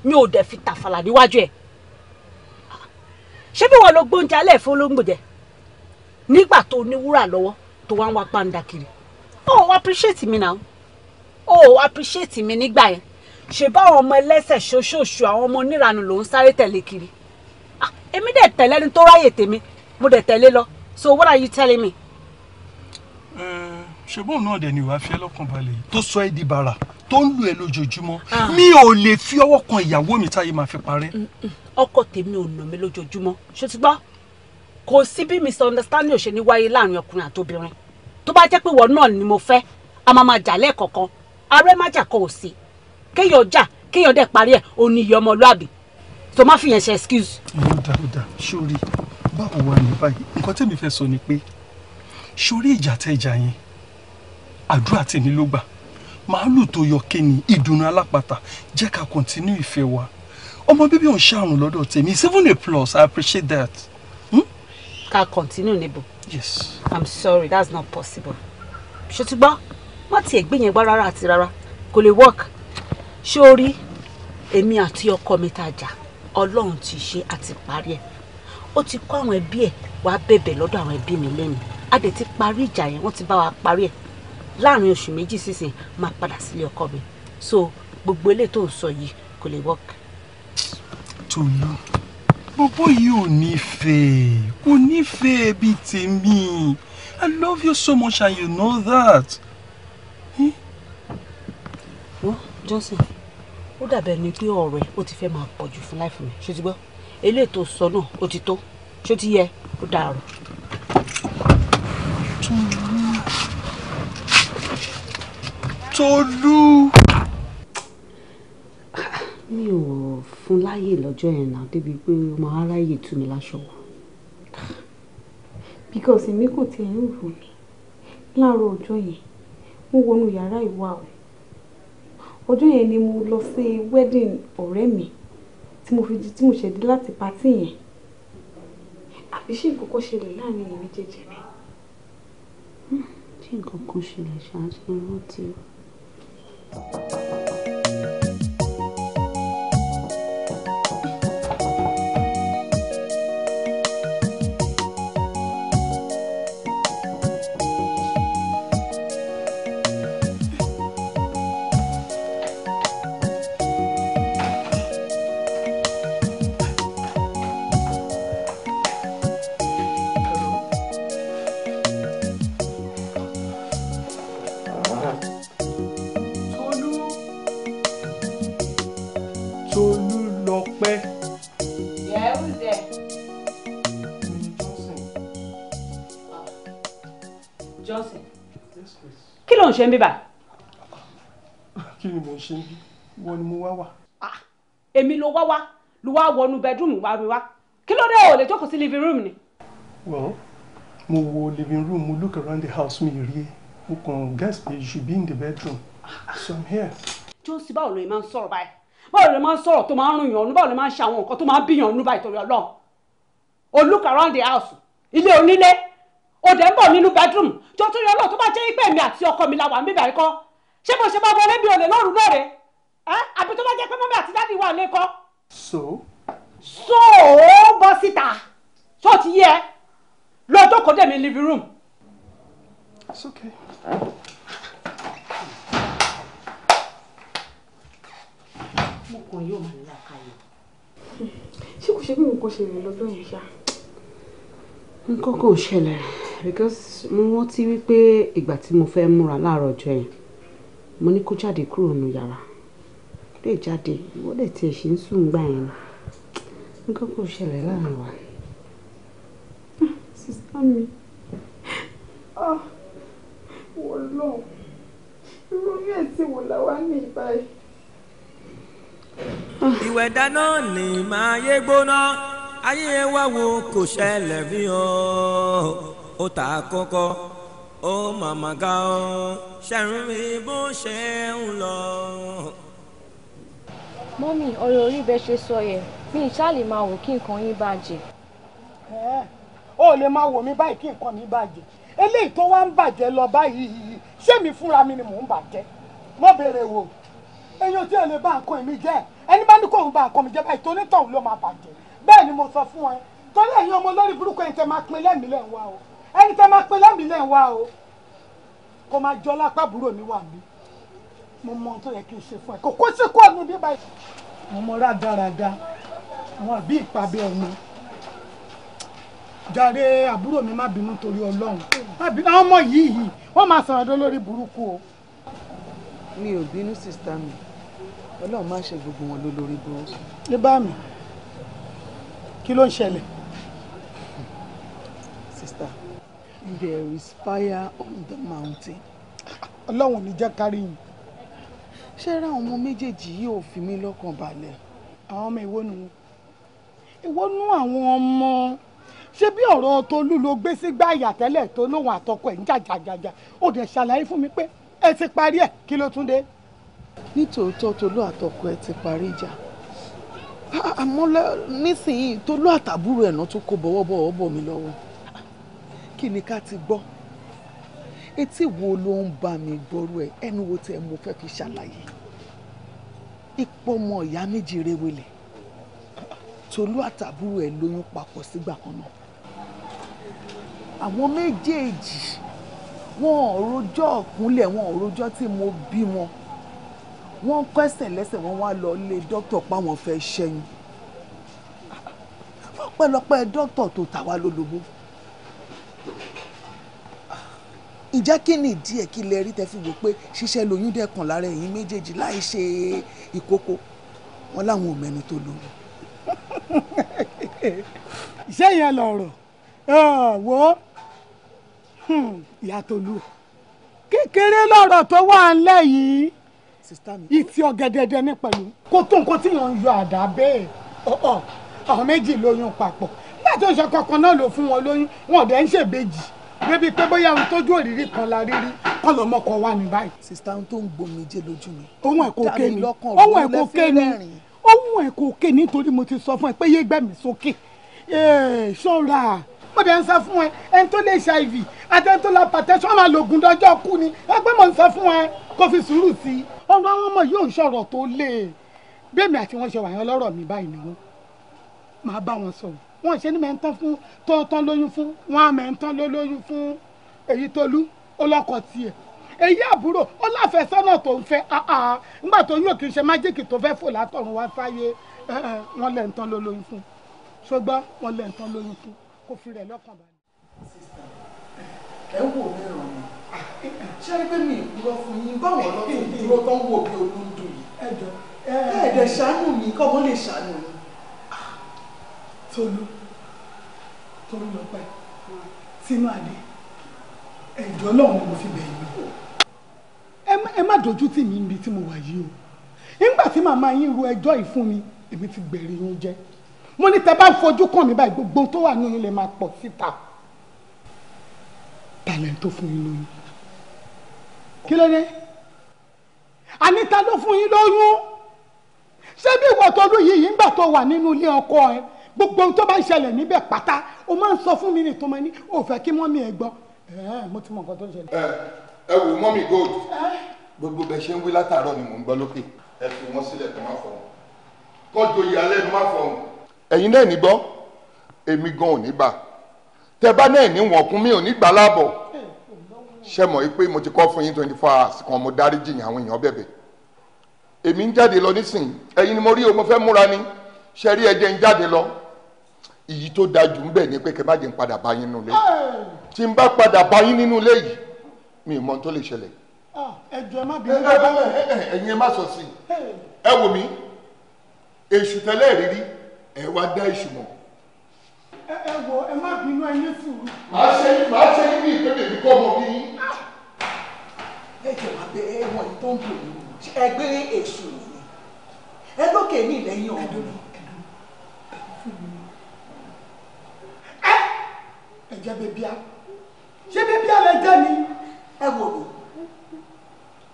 mi ò dẹ̀ fi tàfàlà níwájú ẹ̀. Ṣé bí wọ́n lo gbóúnjẹ alẹ́ fún olóńgbò jẹ? Nígbà tó ní wúrà lọ́wọ́ tó wá ń wá pàǹdà kiri. O ò appreciate mi náà. O ò appreciate mi nígbà yẹn. Ṣé báwọn ọmọ ẹlẹ́sẹ̀ ṣoṣooṣù àwọn ọmọ oníranù ló ń sáré tẹ̀lé kiri? Ah, èmi dẹ̀ tẹ̀lé ẹni tó ráyè tèmi, mo dẹ̀ tẹ̀lé lọ. So what are you telling me? ṣùgbọ́n náà dẹ̀ ni ìwà fẹ́ lọ́kàn balẹ̀ tó sọ ẹ́ di bàrà tó ń lù ẹ́ lójoojúmọ́ ah. mi ò lè fi ọwọ́ kan ìyàwó mi táyé máa fi parẹ́. Mm, mm, mm. ọkọ tèmi ò nà mí lójoojúmọ́ ṣé ti gbọ́ kò sí bí misunderstanding ò ṣe ní wáyé láàrin ọkùnrin àtobìnrin tó bá jẹ́ pé wọ́n náà ni mo fẹ́ a máa ma jà lẹ́ẹ̀kọ̀kan arẹ́ má jà kọ́ ò sí kéèyàn jà kéèyàn dẹ̀ parí ẹ̀ ò ní iye ọmọlúàbí tó má fi yẹn ṣe excuse. ó dáa ó dáa sórí báwo wà ní báyìí nǹkan tẹ́mi fẹ́ sọ ni pé sórí ìjà tẹ ìjà yẹn àdúrà tèmi ló gbà màálù tó yọ kéènì ìdùnnú alápatà jẹ́ ká continue ìfẹ́ wa ọmọ bíbí ò ń ṣàrùn lọ́dọ̀ tèmi it's even a plus i appreciate that. Hmm? ká continue níbo. yes. i'm sorry that's not possible. ṣòtúgbọ́ wọ́n ti ẹ̀gbẹ́ yẹn gbá rárá àti rárá kò lè work sórí èmi àti ọkọ mi tá a jà ọlọ́run ti ṣe àti parí ẹ̀ ó ti kó àwọn ẹbí ẹ̀ wá bẹ̀bẹ̀ lọ́dọ̀ àwọn ẹbí mi lẹ́nu a dẹ̀ ti parí ìjà yẹn wọ́n ti bá wa parí ẹ̀ láàrin oṣù méjì sísìn máa padà sílé ọkọ mi so gbogbo eléyìí tó ń sọ yìí kò lè work. Tolú bọ́bọ́ yìí ò nífẹ̀ẹ́ kò nífẹ̀ẹ́ bíi tèmi I love you so much and you know that. Hm? wọ́n Johnson ó dàbẹ̀ ni pé ọ̀rọ̀ ẹ̀ ó ti fẹ́ máa pọ̀jù fún láìfù mi ṣé ti gbọ́ eléyìí tó sọ náà ó ti tó ṣé ti yẹ ó dàrú. Tolú. Tolú. Mi ò fún láyè lọ́jọ́ yẹn náà débi pé ó máa ráyè tú mi láṣọ wọ̀. Because èmi kò tiẹ̀ ń rò mí. Láàárọ̀ ọjọ́ yẹn, mo wọnú yàrá ìwà o. Ọjọ́ yẹn ni mo lọ sí wedding ọ̀rẹ́ mi tí mo fi tí mo ṣẹ̀dí láti patí yẹn. Àbí ṣé nǹkan kan ṣẹlẹ̀ láàrin èmi jẹjẹrẹ? nǹkan kan ṣẹlẹ̀ ṣáá ṣe rántí o. ń ṣe ń bíbà. kí ni mò ń ṣe ń bí wọn ni mo wá wà. Ah, èmi ló wá wá ló wá wọnú bẹẹdúmù wá mi wá kí ló dé ò lè jókòó sí living room ni. well mo wo living room mo look around the house mi rí ẹ e. mo kàn guess pé you should be in the bedroom so i'm here. johnson báwo ló yẹ máa ń sọ̀rọ̀ báyìí báwo ló máa ń sọ̀rọ̀ tó máa ń rún yàn ọ́nú báwo ló máa ń ṣe àwọn nǹkan tó máa ń bí yàn ọ́nú báyìí torí ọlọ́run o look around the house ilé onílé òdẹ ń bọ̀ nínú bedroom jọ tó yọ lọ tó bá jẹ́ ipẹ́ mi àti ọkọ mi la wà níbà ikọ́ ṣé bó ṣe máa wọlé bí olè lọ́rùn náà rẹ̀ ẹ́ àbí tó bá jẹ́ pé mọ́mí àti dáàdì wà lẹ́kọ́. so. so ó bọ́ síta tó ti yẹ lọ́jọ́ kò dé mi living room. it's okay. mo kàn yóò máa ń la ṣé kò ṣe pé nǹkan ṣe rè lọ́dún yìí ṣáá nǹkan kò ṣẹlẹ̀ because mo rántí wípé ìgbà tí mo fẹ́ múra láàárọ̀ ọjọ́ yẹn mo ní kó jáde kúrò nù yàrá lè jáde ìwọ lè tiẹ̀ ṣe ń sùn gbà yẹn nǹkan kò ṣẹlẹ̀ láàárín wa. sísá mi wò lọ ìròyìn ẹ̀sìn wò làwa ní ìbáyìí. ìwẹ̀dá náà lè máa yé gbóná. ayé wa wo kò ṣẹlẹ̀ rí o ó ta kọ́kọ́, ó màmá ga ó ṣẹ̀rùn rí bó ṣe ń lọ. mọ́mì ọ̀rọ̀ orí bẹ́ẹ̀ ṣe sọ yẹn mi ìṣá lè máa wò kí nǹkan yín bàjẹ́. ẹ ò lè máa wò mí báyìí kí nǹkan mi bàjẹ́ eléyìí tó wá ń bàjẹ́ lọ báyìí ṣé mi fúnra mi ni mò ń bàjẹ́ mo béèrè wò eyín ò tí lè bá nǹkan mi jẹ́ ẹni bá ní kóun bá nǹkan mi jẹ́ báyìí tónítọ̀hún ló máa bàjẹ́. bẹ́ẹ̀ ni mo sọ fún ẹ torí ẹ̀yin ọmọ lórí burúkú ẹni tẹ́ máa pin lẹ́mìí lẹ́ ń wá o ẹni tẹ́ máa pin lẹ́mìí lẹ́ ń wá o kó máa jọ lápá búrò mi wà mí mo mọ ohun tó yẹ kí n ṣe fún ẹ kò kó sí kó ọdún bíbá yìí. mo mọ rádaràda àwọn àbí ìpàbẹ ọmọ jàre àbúrò mi má bínú torí Ọlọ́run àwọn ọmọ yìí yìí wọ́n máa sọ̀rọ̀ dó lórí burúkú o. mi ò bínú sísá mi Ọlọ́run má ṣe gbogbo wọn lólórí burúkú. ní bá mi kí ló ń ṣẹlẹ̀. sista there is fire on the mountain. ọlọ́run ní jẹ́ kárí yìí. ṣé ra àwọn ọmọ méjèèjì yìí ò fi mí lọ́kàn balẹ̀. àwọn ọmọ ìwọ nù ìwọ nù àwọn ọmọ ṣé bí ọ̀rọ̀ tolú ló gbé sígbà àyàtẹ́lẹ̀ tó lóun àtọkọ ẹ̀ ń jàjàjàjà ó dẹ̀ ṣàlàyé fún mi pé ẹ ti parí ẹ̀ kí ló tún dé. nítòótọ́ tolú àtọkọ ẹ ti parí ìjà Ah, àmọ́ nísìnyìí Tolú àtàbúrò ẹ̀ náà tó kó bọ́wọ́bọ́wọ́ bọ̀ mí lọ́wọ́ kí ni ká ti gbọ́ etí wo ló ń bá mi gbọ́rú ẹ ẹnu wo tẹ mo fẹ́ fi ṣàlàyé ìpọ́mọ ìyá méjì rewelẹ̀ Tolú àtàbúrò ẹ̀ lóyún papọ̀ sígbà kan náà àwọn méjèèjì wọn ò rojọ́ ọ̀kúnlẹ̀ wọn ò rojọ́ tí mo bí wọn wọ́n ń kẹ́sẹ̀ lẹ́sẹ̀ wọ́n wá lọ lé dókítà páwọn fẹ́ ṣẹ́yìn pẹ́lọpẹ́ dókítà tó tà wá lólobó ǹjẹ́ kí ni ìdí ẹ̀ kí lè rí tẹ́ fi wò pé ṣíṣẹ́ lóyún dẹ́kun lára ẹ̀yin méjèèjì láì ṣe ìkókó wọn láwọn ò mẹ́ni tó lóyún. iṣẹ́ yẹn lọ̀rọ̀ wo hmm, ìyá Tolú kékeré lọ̀rọ̀ tó wà ńlẹ̀ yìí sista mi. ìtì ọ̀gẹ̀dẹ̀dẹ̀ ní pẹ̀lú kó tó nǹkan tí wọ́n ń yọ àdá bẹ́ẹ̀ ọ̀ọ́ àwọn méjì lóyún papọ̀ nígbà tó ń sọ kankan náà ló fún wọn lóyún wọn ò dẹ́ ń ṣèbejì débi pé bóyá ohun tójú òrírí kan la rírí kọ́ lọ́mọ kan wà ní báyìí. sista ohun tó ń gbòmìnjẹ lójú mi. ohun ẹ̀kọ́ ké ni ohun ẹ̀kọ́ ké ni ohun ẹ̀kọ́ ké ni nítorí mo ti sọ fún ẹ pé yé gbẹ̀mí sókè ṣọ́ra mo dẹ̀ ń sọ fún ẹ ẹni tó lè hiv àti ẹni tó la pàtẹ́sán ọmọ àlògùn dọjọ́ kú ni ẹ pé mo ń sọ fún ẹ kó fi sùúrù sí i ọ̀rọ̀ àwọn ọmọ yóò ń sọ̀rọ̀ tó lé e bẹ́ẹ̀mi àti wọn ṣe wà yẹn lọ́rọ̀ mi báyìí ni wọn máa bá wọn sọ̀rọ̀ wọn ṣe ní mẹ́ńtán fún tọ́ntán lóyún fún wọn mẹ́ńtán ló lóyún fún èyí tolú ọlọ́kọ tiẹ̀ èyí àbúrò ó láfẹsọ́nà tó ń fẹ́ àà ńgbà tó yóò kì í ṣe májíkì tó fẹ́ fò látọ̀run wá sáyé wọn lẹ́ńtán ló lóyún fún ṣùgbọ́n wọn lẹ́ńtán lóyún fún kò fi rẹ̀ lọ́kàn balẹ̀. ẹ wò mí ràn mí ṣé pé mi ìkúrọ fún yín báwọn ọlọ́pàá dúró tán wò bí olóńdó yìí ẹ jọ ẹ dẹ ṣàánú mi kọ́mọ lè ṣàánú mi. Tolú Tolú lọ́pẹ́ sínú adé ẹ̀jọ́ lọ́hùn ni mo fi bẹ̀ yín ẹ má dojú tì mí níbi tí mo wà yìí o nígbà tí màmá yín ro ẹjọ́ yìí mi èmi ti gbẹ̀rẹ̀ yín mo ní tẹ bá fojú kàn mí báyìí gbogbo tó wà nínú ilé máa pọ̀ síta talent tó fún yín lóyún kí ló dé àníta ló fún yín lóyún ṣé bí ìwọ tó lù yìí nígbà tó wà nínú ilé ọkọ ẹ gbogbo tó bá ń ṣẹlẹ̀ níbẹ̀ pátá o máa ń sọ fún mi ní tó máa ní o fẹ́ kí mọ́mí ẹ gbọ́ mo ti mọ nǹkan tó ń ṣẹlẹ̀. ẹ ẹ wò mọ́mí gold gbogbo bẹ ṣe ń wí látàárọ̀ ni mò ń gbọ́ lókè ẹ fi wọ́n sílẹ̀ kó má fọ̀ wọn kọ́jọ ìyàlẹ́nu má fọ̀ ẹ̀yin náà ní gbọ́ èmi gan ò ní gbà tẹ bá náà ní wọ̀n kún mi ò ní gbà láàbọ̀ ṣe mọ̀ pé mo ti kọ́ fún yín twenty four hours kan mo dárí jìyàn àwọn èèyàn bẹ̀bẹ̀ èmi ń jáde lọ nísìnyí ẹ̀yin ni mo rí o mo fẹ́ múra ni ṣe rí ẹjẹ ń jáde lọ èyí tó da jù ń bẹ̀ ni pé kẹ má jẹ́ ń padà bá yín nínú ilé tí n bá padà bá yín nínú ilé yìí mi ì mọ tó lè ṣẹlẹ̀. Ah, ẹ ẹ má bínú bá bá ẹ̀yin ẹ má sọ sí i ẹ wò mí èṣù tẹ́lẹ̀ rírí ẹ wá dá ìṣùmọ̀. ẹ ẹ wọ ẹ má bínú ẹ ní sùúrù. màá ṣe màá ṣe ní ìpínlẹ̀ mi kọ́ ọmọ bí. ẹ jẹ́ wàá bẹ ẹ wọ̀n tó ń bò ní ẹgbẹ́ èṣù ni ẹ lókè ní ìlẹ́yìn ọ̀hún. ẹ ẹ jẹ́ bẹ́ẹ̀ bíá ṣé bẹ́ẹ̀ bíá lẹ jẹ́ ni ẹ wò ó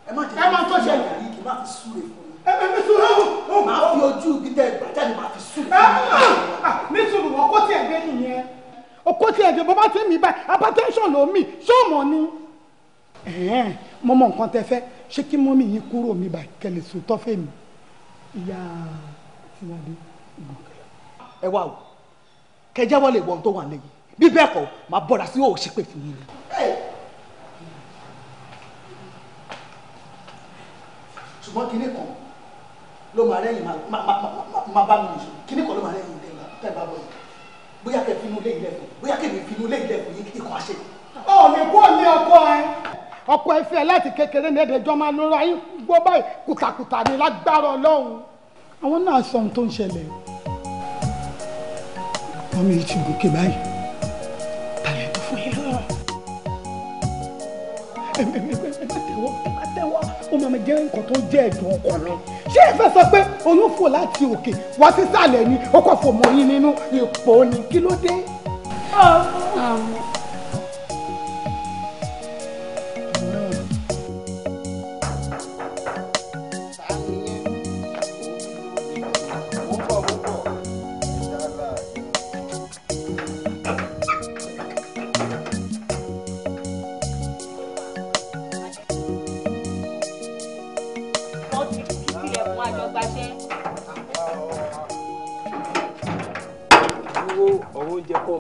ẹ má tẹ̀lé ẹ má tọ́ṣẹ̀ ẹ má fi súre fún mi. ẹ má fi súre fún màá fi ojú ibi tẹ gbàjáde màá nítorí wọn kó tí ẹ dé nìyẹn okó tí ẹ dé bó bá ti ń mi báyìí hypertension ló mi sóòmọ ni. mo mọ nǹkan tẹ fẹ́ ṣé kí mọ́mí yín kúrò mi báyìí kẹlẹ̀ sòótọ́ fẹ́ mi ìyá tìǹbù ìgbọ̀nkẹ́lẹ́. ẹ wá o kẹjá wọlé ìwọ̀n tó wà lẹ́yìn bí bẹ́ẹ̀ kọ́ máa bọ̀dà sí òṣèpè fún yín ṣùgbọ́n kinní kan ló máa rẹ́yìn máa bá mi nìyí kíní kan ló máa rẹ́yìn lẹ́yìn tẹ́ ẹ bá bọ̀ yìí bóyá kẹ́ finú lé ilẹ̀ fún bóyá kẹ́ mi finú lé ilẹ̀ fún yìí ikọ̀ àṣẹ. ọ̀ ní kó ní ọkọ ẹ. ọkọ ẹ fẹ́ láti kékeré ní ẹ̀ẹ́dẹ̀jọ́ máa lóra ayé gbọ́ báyìí kùtàkùtà ni lágbára ọlọ́run. àwọn náà sọ ohun tó ń ṣẹlẹ̀ o. ọmọ yìí ti gòkè báyìí. tàyẹ̀ tó fún yẹn lọ́rọ̀ ó máa jẹ́ nǹkan tó jẹ́ ẹ̀dùn ọkàn mi ṣé ẹ fẹ́ sọ pé olófò láti òkè wá sísàlẹ̀ ni ó kọ̀ fòmọ́ yín nínú ipò ni kí ló dé. Um,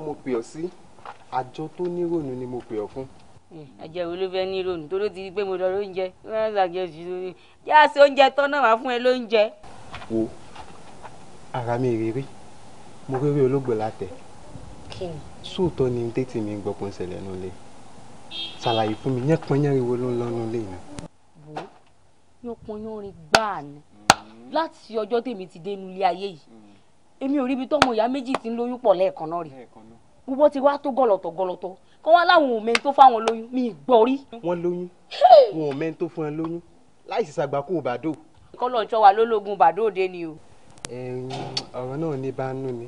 mo pè ọ́ sí àjọ tó nírònú ni mo pè ọ́ fún. àjẹ wo ló fẹ́ nírònú tó ló ti di mo lọ lóúnjẹ ló ṣàjẹ sí lórí kí á ṣe oúnjẹ tán náà wá fún ẹ lóúnjẹ. wo ara mi rere mo rere olóògbé látẹ sóòótọ́ ni tètè mi gbọ́kùn ṣẹlẹ̀ nulẹ̀ ṣàlàyé fún mi yẹn pọ́n yẹn riwo ló ń lọ́nu lé mi. wo yóò pọn yóò gbáà ni láti ọjọ́ tèmi ti dé nulẹ̀ ayé yìí èmi ò rí ibi tọ́mọ ìyá méjì ti ń lóyún pọ̀ lẹ́ẹ̀kan náà rí gbogbo ti wá tó gọlọtọ gọlọtọ kọ wá láwọn ò tó fáwọn lóyún mi ì gbọ́ rí. wọ́n lóyún wọn ò mẹ́ni tó fún ẹ lóyún láì sì ṣàgbákò bàdó. kọ́lọ̀ ń sọ wa lólógun bàdó òde ni o. ọ̀rọ̀ náà ní bánú ni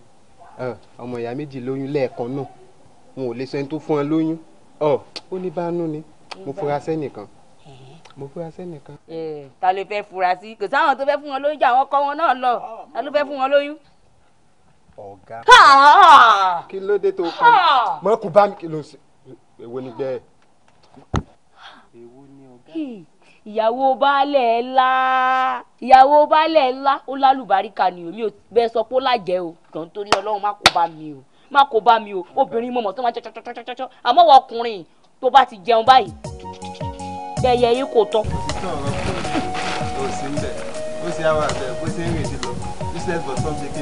ọmọ ìyá méjì lóyún lẹ́ẹ̀kan náà wọn ò lè sọ ẹni tó fún ẹ lóyún ó ní bánú ni mo fura sẹ́nìkan mo fura sẹ́nìkan. ta ló fẹ́ fura sí kò sáwọn tó fẹ́ fún wọn lóyún jà wọ́n kọ́ wọn náà lọ ta ló fẹ́ fún wọn lóyún ọ̀gá. kí ló dé tó kàn mọ́ kú bá mi kí ló ń ṣe èwo ni gbẹ́ ẹ̀. èwo ni ọ̀gá. ìyàwó baálé ńlá ìyàwó baálé ńlá ó lálùbáríkà ni omi ò bẹ́ẹ̀ sọ pé ó lájẹ́ o jọ̀ọ́ nítorí ọlọ́run má kó bá mi o má kó bá mi o obìnrin mọ̀mọ́ tó máa jọ́jọ́jọ́jọ́jọ́ àmọ́ wọ ọkùnrin tó bá ti jẹun báyìí gbẹ̀yẹ yìí kò tọ́. ó sì ń bẹ̀ ó sì á wà bẹ̀ bó ṣe ń rìn sí lọ business for something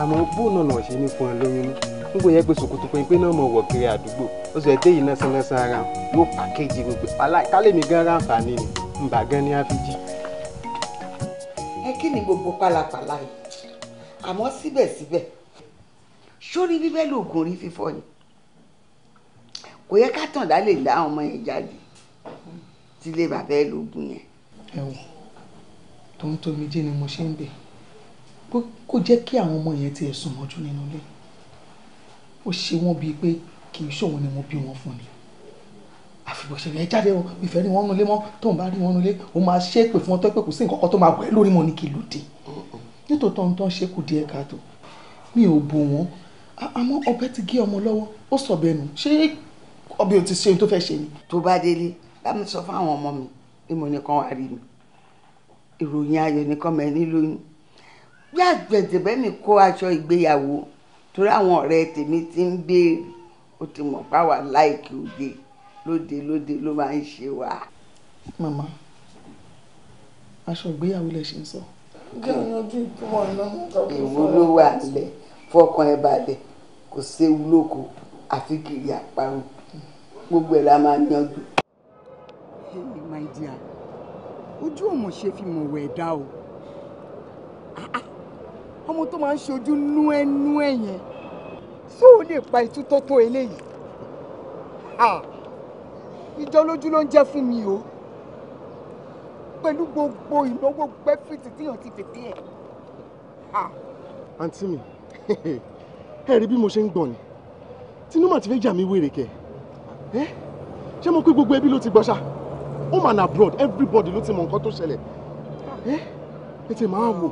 àmọ́ bóun náà ṣe ní fún ọ lóyún n kò yẹ pé ṣòkòtò péńpé náà mọ̀ wọ̀ kiri àdúgbò ó sọ èdè yìí náà sánánsán ara yóò pàkéjì gbogbo kálẹ̀mí gan ráǹfààní ni nbà gan ní áfíjì. ẹ kí ni gbogbo pálapàla yìí àmọ́ síbẹ̀síbẹ̀ sórí bíbẹ́ lóògùn orí fífọ́ ni kò yẹ ká tàn dá lè dá ọmọ yẹn jáde tílé bàbá ẹ lóògùn yẹn. ẹ wò tó ń tómi jẹ́ ni mo ṣe ń bẹ̀ẹ́ kó jẹ́ kí àwọn ọmọ yẹn tiẹ̀ sùn mọ́jú nínú ilé ó ṣe wọ́n bíi pé kì í ṣòwò ni mo bí wọn fún ni àfìbọ̀ ṣẹlẹ̀ ẹ jáde o ìfẹ́ ni wọ́n nulẹ̀ mọ́ tó ń bá rí wọn nulẹ̀ ó máa ṣe é pè fún wọn tó pé kò sí nǹkan kan tó máa wẹ̀ lórí wọn ní kí lóde nítòótọ́ ń tán ṣe kù díẹ̀ káàtó mi ò bò wọ́n àmọ́ ọbẹ̀ ti gé ọmọ lọ́wọ́ ó sọ bẹ́ẹ̀ ṣé ọbẹ̀ ò ti ṣe ohun tó fẹ́ ṣe ni. tó bá délé bá mi sọ fáwọn ọmọ mi bí mo nìkan wà rí mi ìròyìn ayọ̀ nìkan mẹ́rin lóyún bí àgbẹ̀dẹ̀bẹ́mi kó aṣọ ìgbéyàwó torí àwọn ọ̀rẹ́ tèmi ti ń béèrè ó ti mọ̀ páwà láìkí òde lóde lóde ló máa ń ṣe wá. màmá aṣọ ìgbéyàwó lè ṣe ń sọ. èwo ló wà lẹ fọkàn ẹ balẹ̀ kò séwu lóko àfi kì í àparò gbogbo ẹ la máa yanjú. hey my dear ojú ọmọ ṣe fi mọ̀wẹ̀ dá o. Ah, ah ọmọ tó máa ń ṣojú nú ẹnu ẹ yẹn tó o lè pa ìtútọ́ tó eléyìí ìjọ lójú ló ń jẹ́ fún mi o pẹ̀lú gbogbo ìnáwó gbẹ́fìtì tíyàn ti fètè ẹ̀. àǹtí mi ẹ rí bí mo ṣe ń gbọ̀n ni tinú mà ti fẹ́ jà mí wèrè kẹ ṣé mo pé gbogbo ẹbí ló ti gbọ́ ṣá home and abroad everybody ló ti mọ nǹkan tó ṣẹlẹ̀ ẹ tẹ̀ máa wò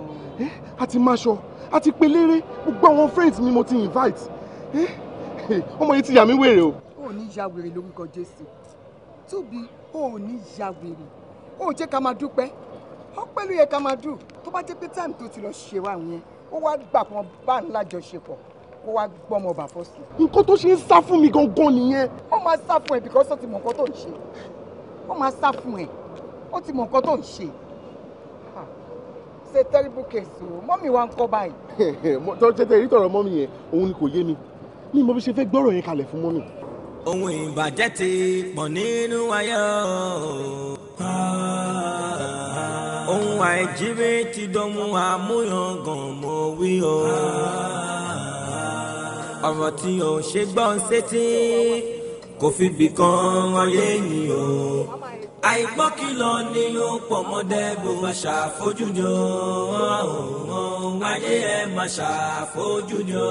àti eh, maṣọ àti pelére gbogbo àwọn friends mi mo ti invite eh, ọmọ yìí ti yà mí wèrè o. o ò ní ya wèrè lórúkọ Jésù tóbi o ò ní ya wèrè o ò jẹ́ ká máa dúpẹ́ ọpẹ́ ló yẹ ká máa dùn tó bá jẹ́ pé táìmù tó ti lọ ṣe wà yẹn ó wá gbà kan bá ńlá jọṣepọ̀ kó wá gbọ́mọ bàbá sùn. nǹkan tó ṣe ń sá fún mi gangan nìyẹn. ó máa sá fún ẹ bìkọ́sọ̀ ti mọ̀ nǹkan tó ń ṣe ó máa sá fún ẹ ó ti mọ̀ nǹkan tó ń ṣe it's a terrible case o mọ́mì wa ń kọ́ báyìí. tọ́tẹ́tẹ́ èyí tọ̀rọ̀ mọ́mì yẹn òun ni kò yé mi ní mo fi ṣe fẹ́ gbọ́rọ̀ yẹn kalẹ̀ fún mọ́mì. ohun ìbàjẹ́ ti pọ̀ nínú ayé ohun àìjírí ti dọ́mú àmúyangàn mọ̀ wí o ọ̀rọ̀ tí ò ṣe gbọ́ sétí kò fi bìkan ayé yìí o àìgbọ́kìlọ̀ ni ó pọ̀ mọ́dẹ́ bó máa ṣàfojújọ ayé ẹ máa ṣàfojújọ.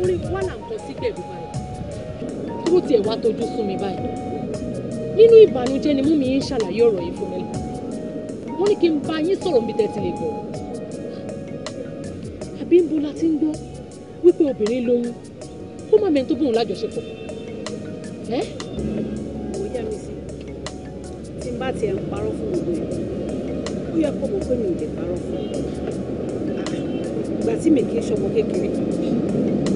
orí wọn là ń kọ sí gbèrú báyìí tó tiẹ̀ wá tójú sún mi báyìí nínú ìbànújẹ́ ni mú mi ń ṣàlàyé ọ̀rọ̀ yìí fún mi wọ́n ní kí n bá yín sọ̀rọ̀ mi tẹ́tí lè gbọ́ àbí ń bo la ti ń gbọ́ wípé obìnrin lóyún kó má mẹ́ni tó bóun lájọṣepọ̀ ẹ́. òwe yá mi sí tí n bá tiẹ̀ ń parọ́ fún gbogbo ẹ̀ ó yẹ kó mo pé mi ò lè parọ́ fún ìgbà tí mi kì í ṣọmọ kékeré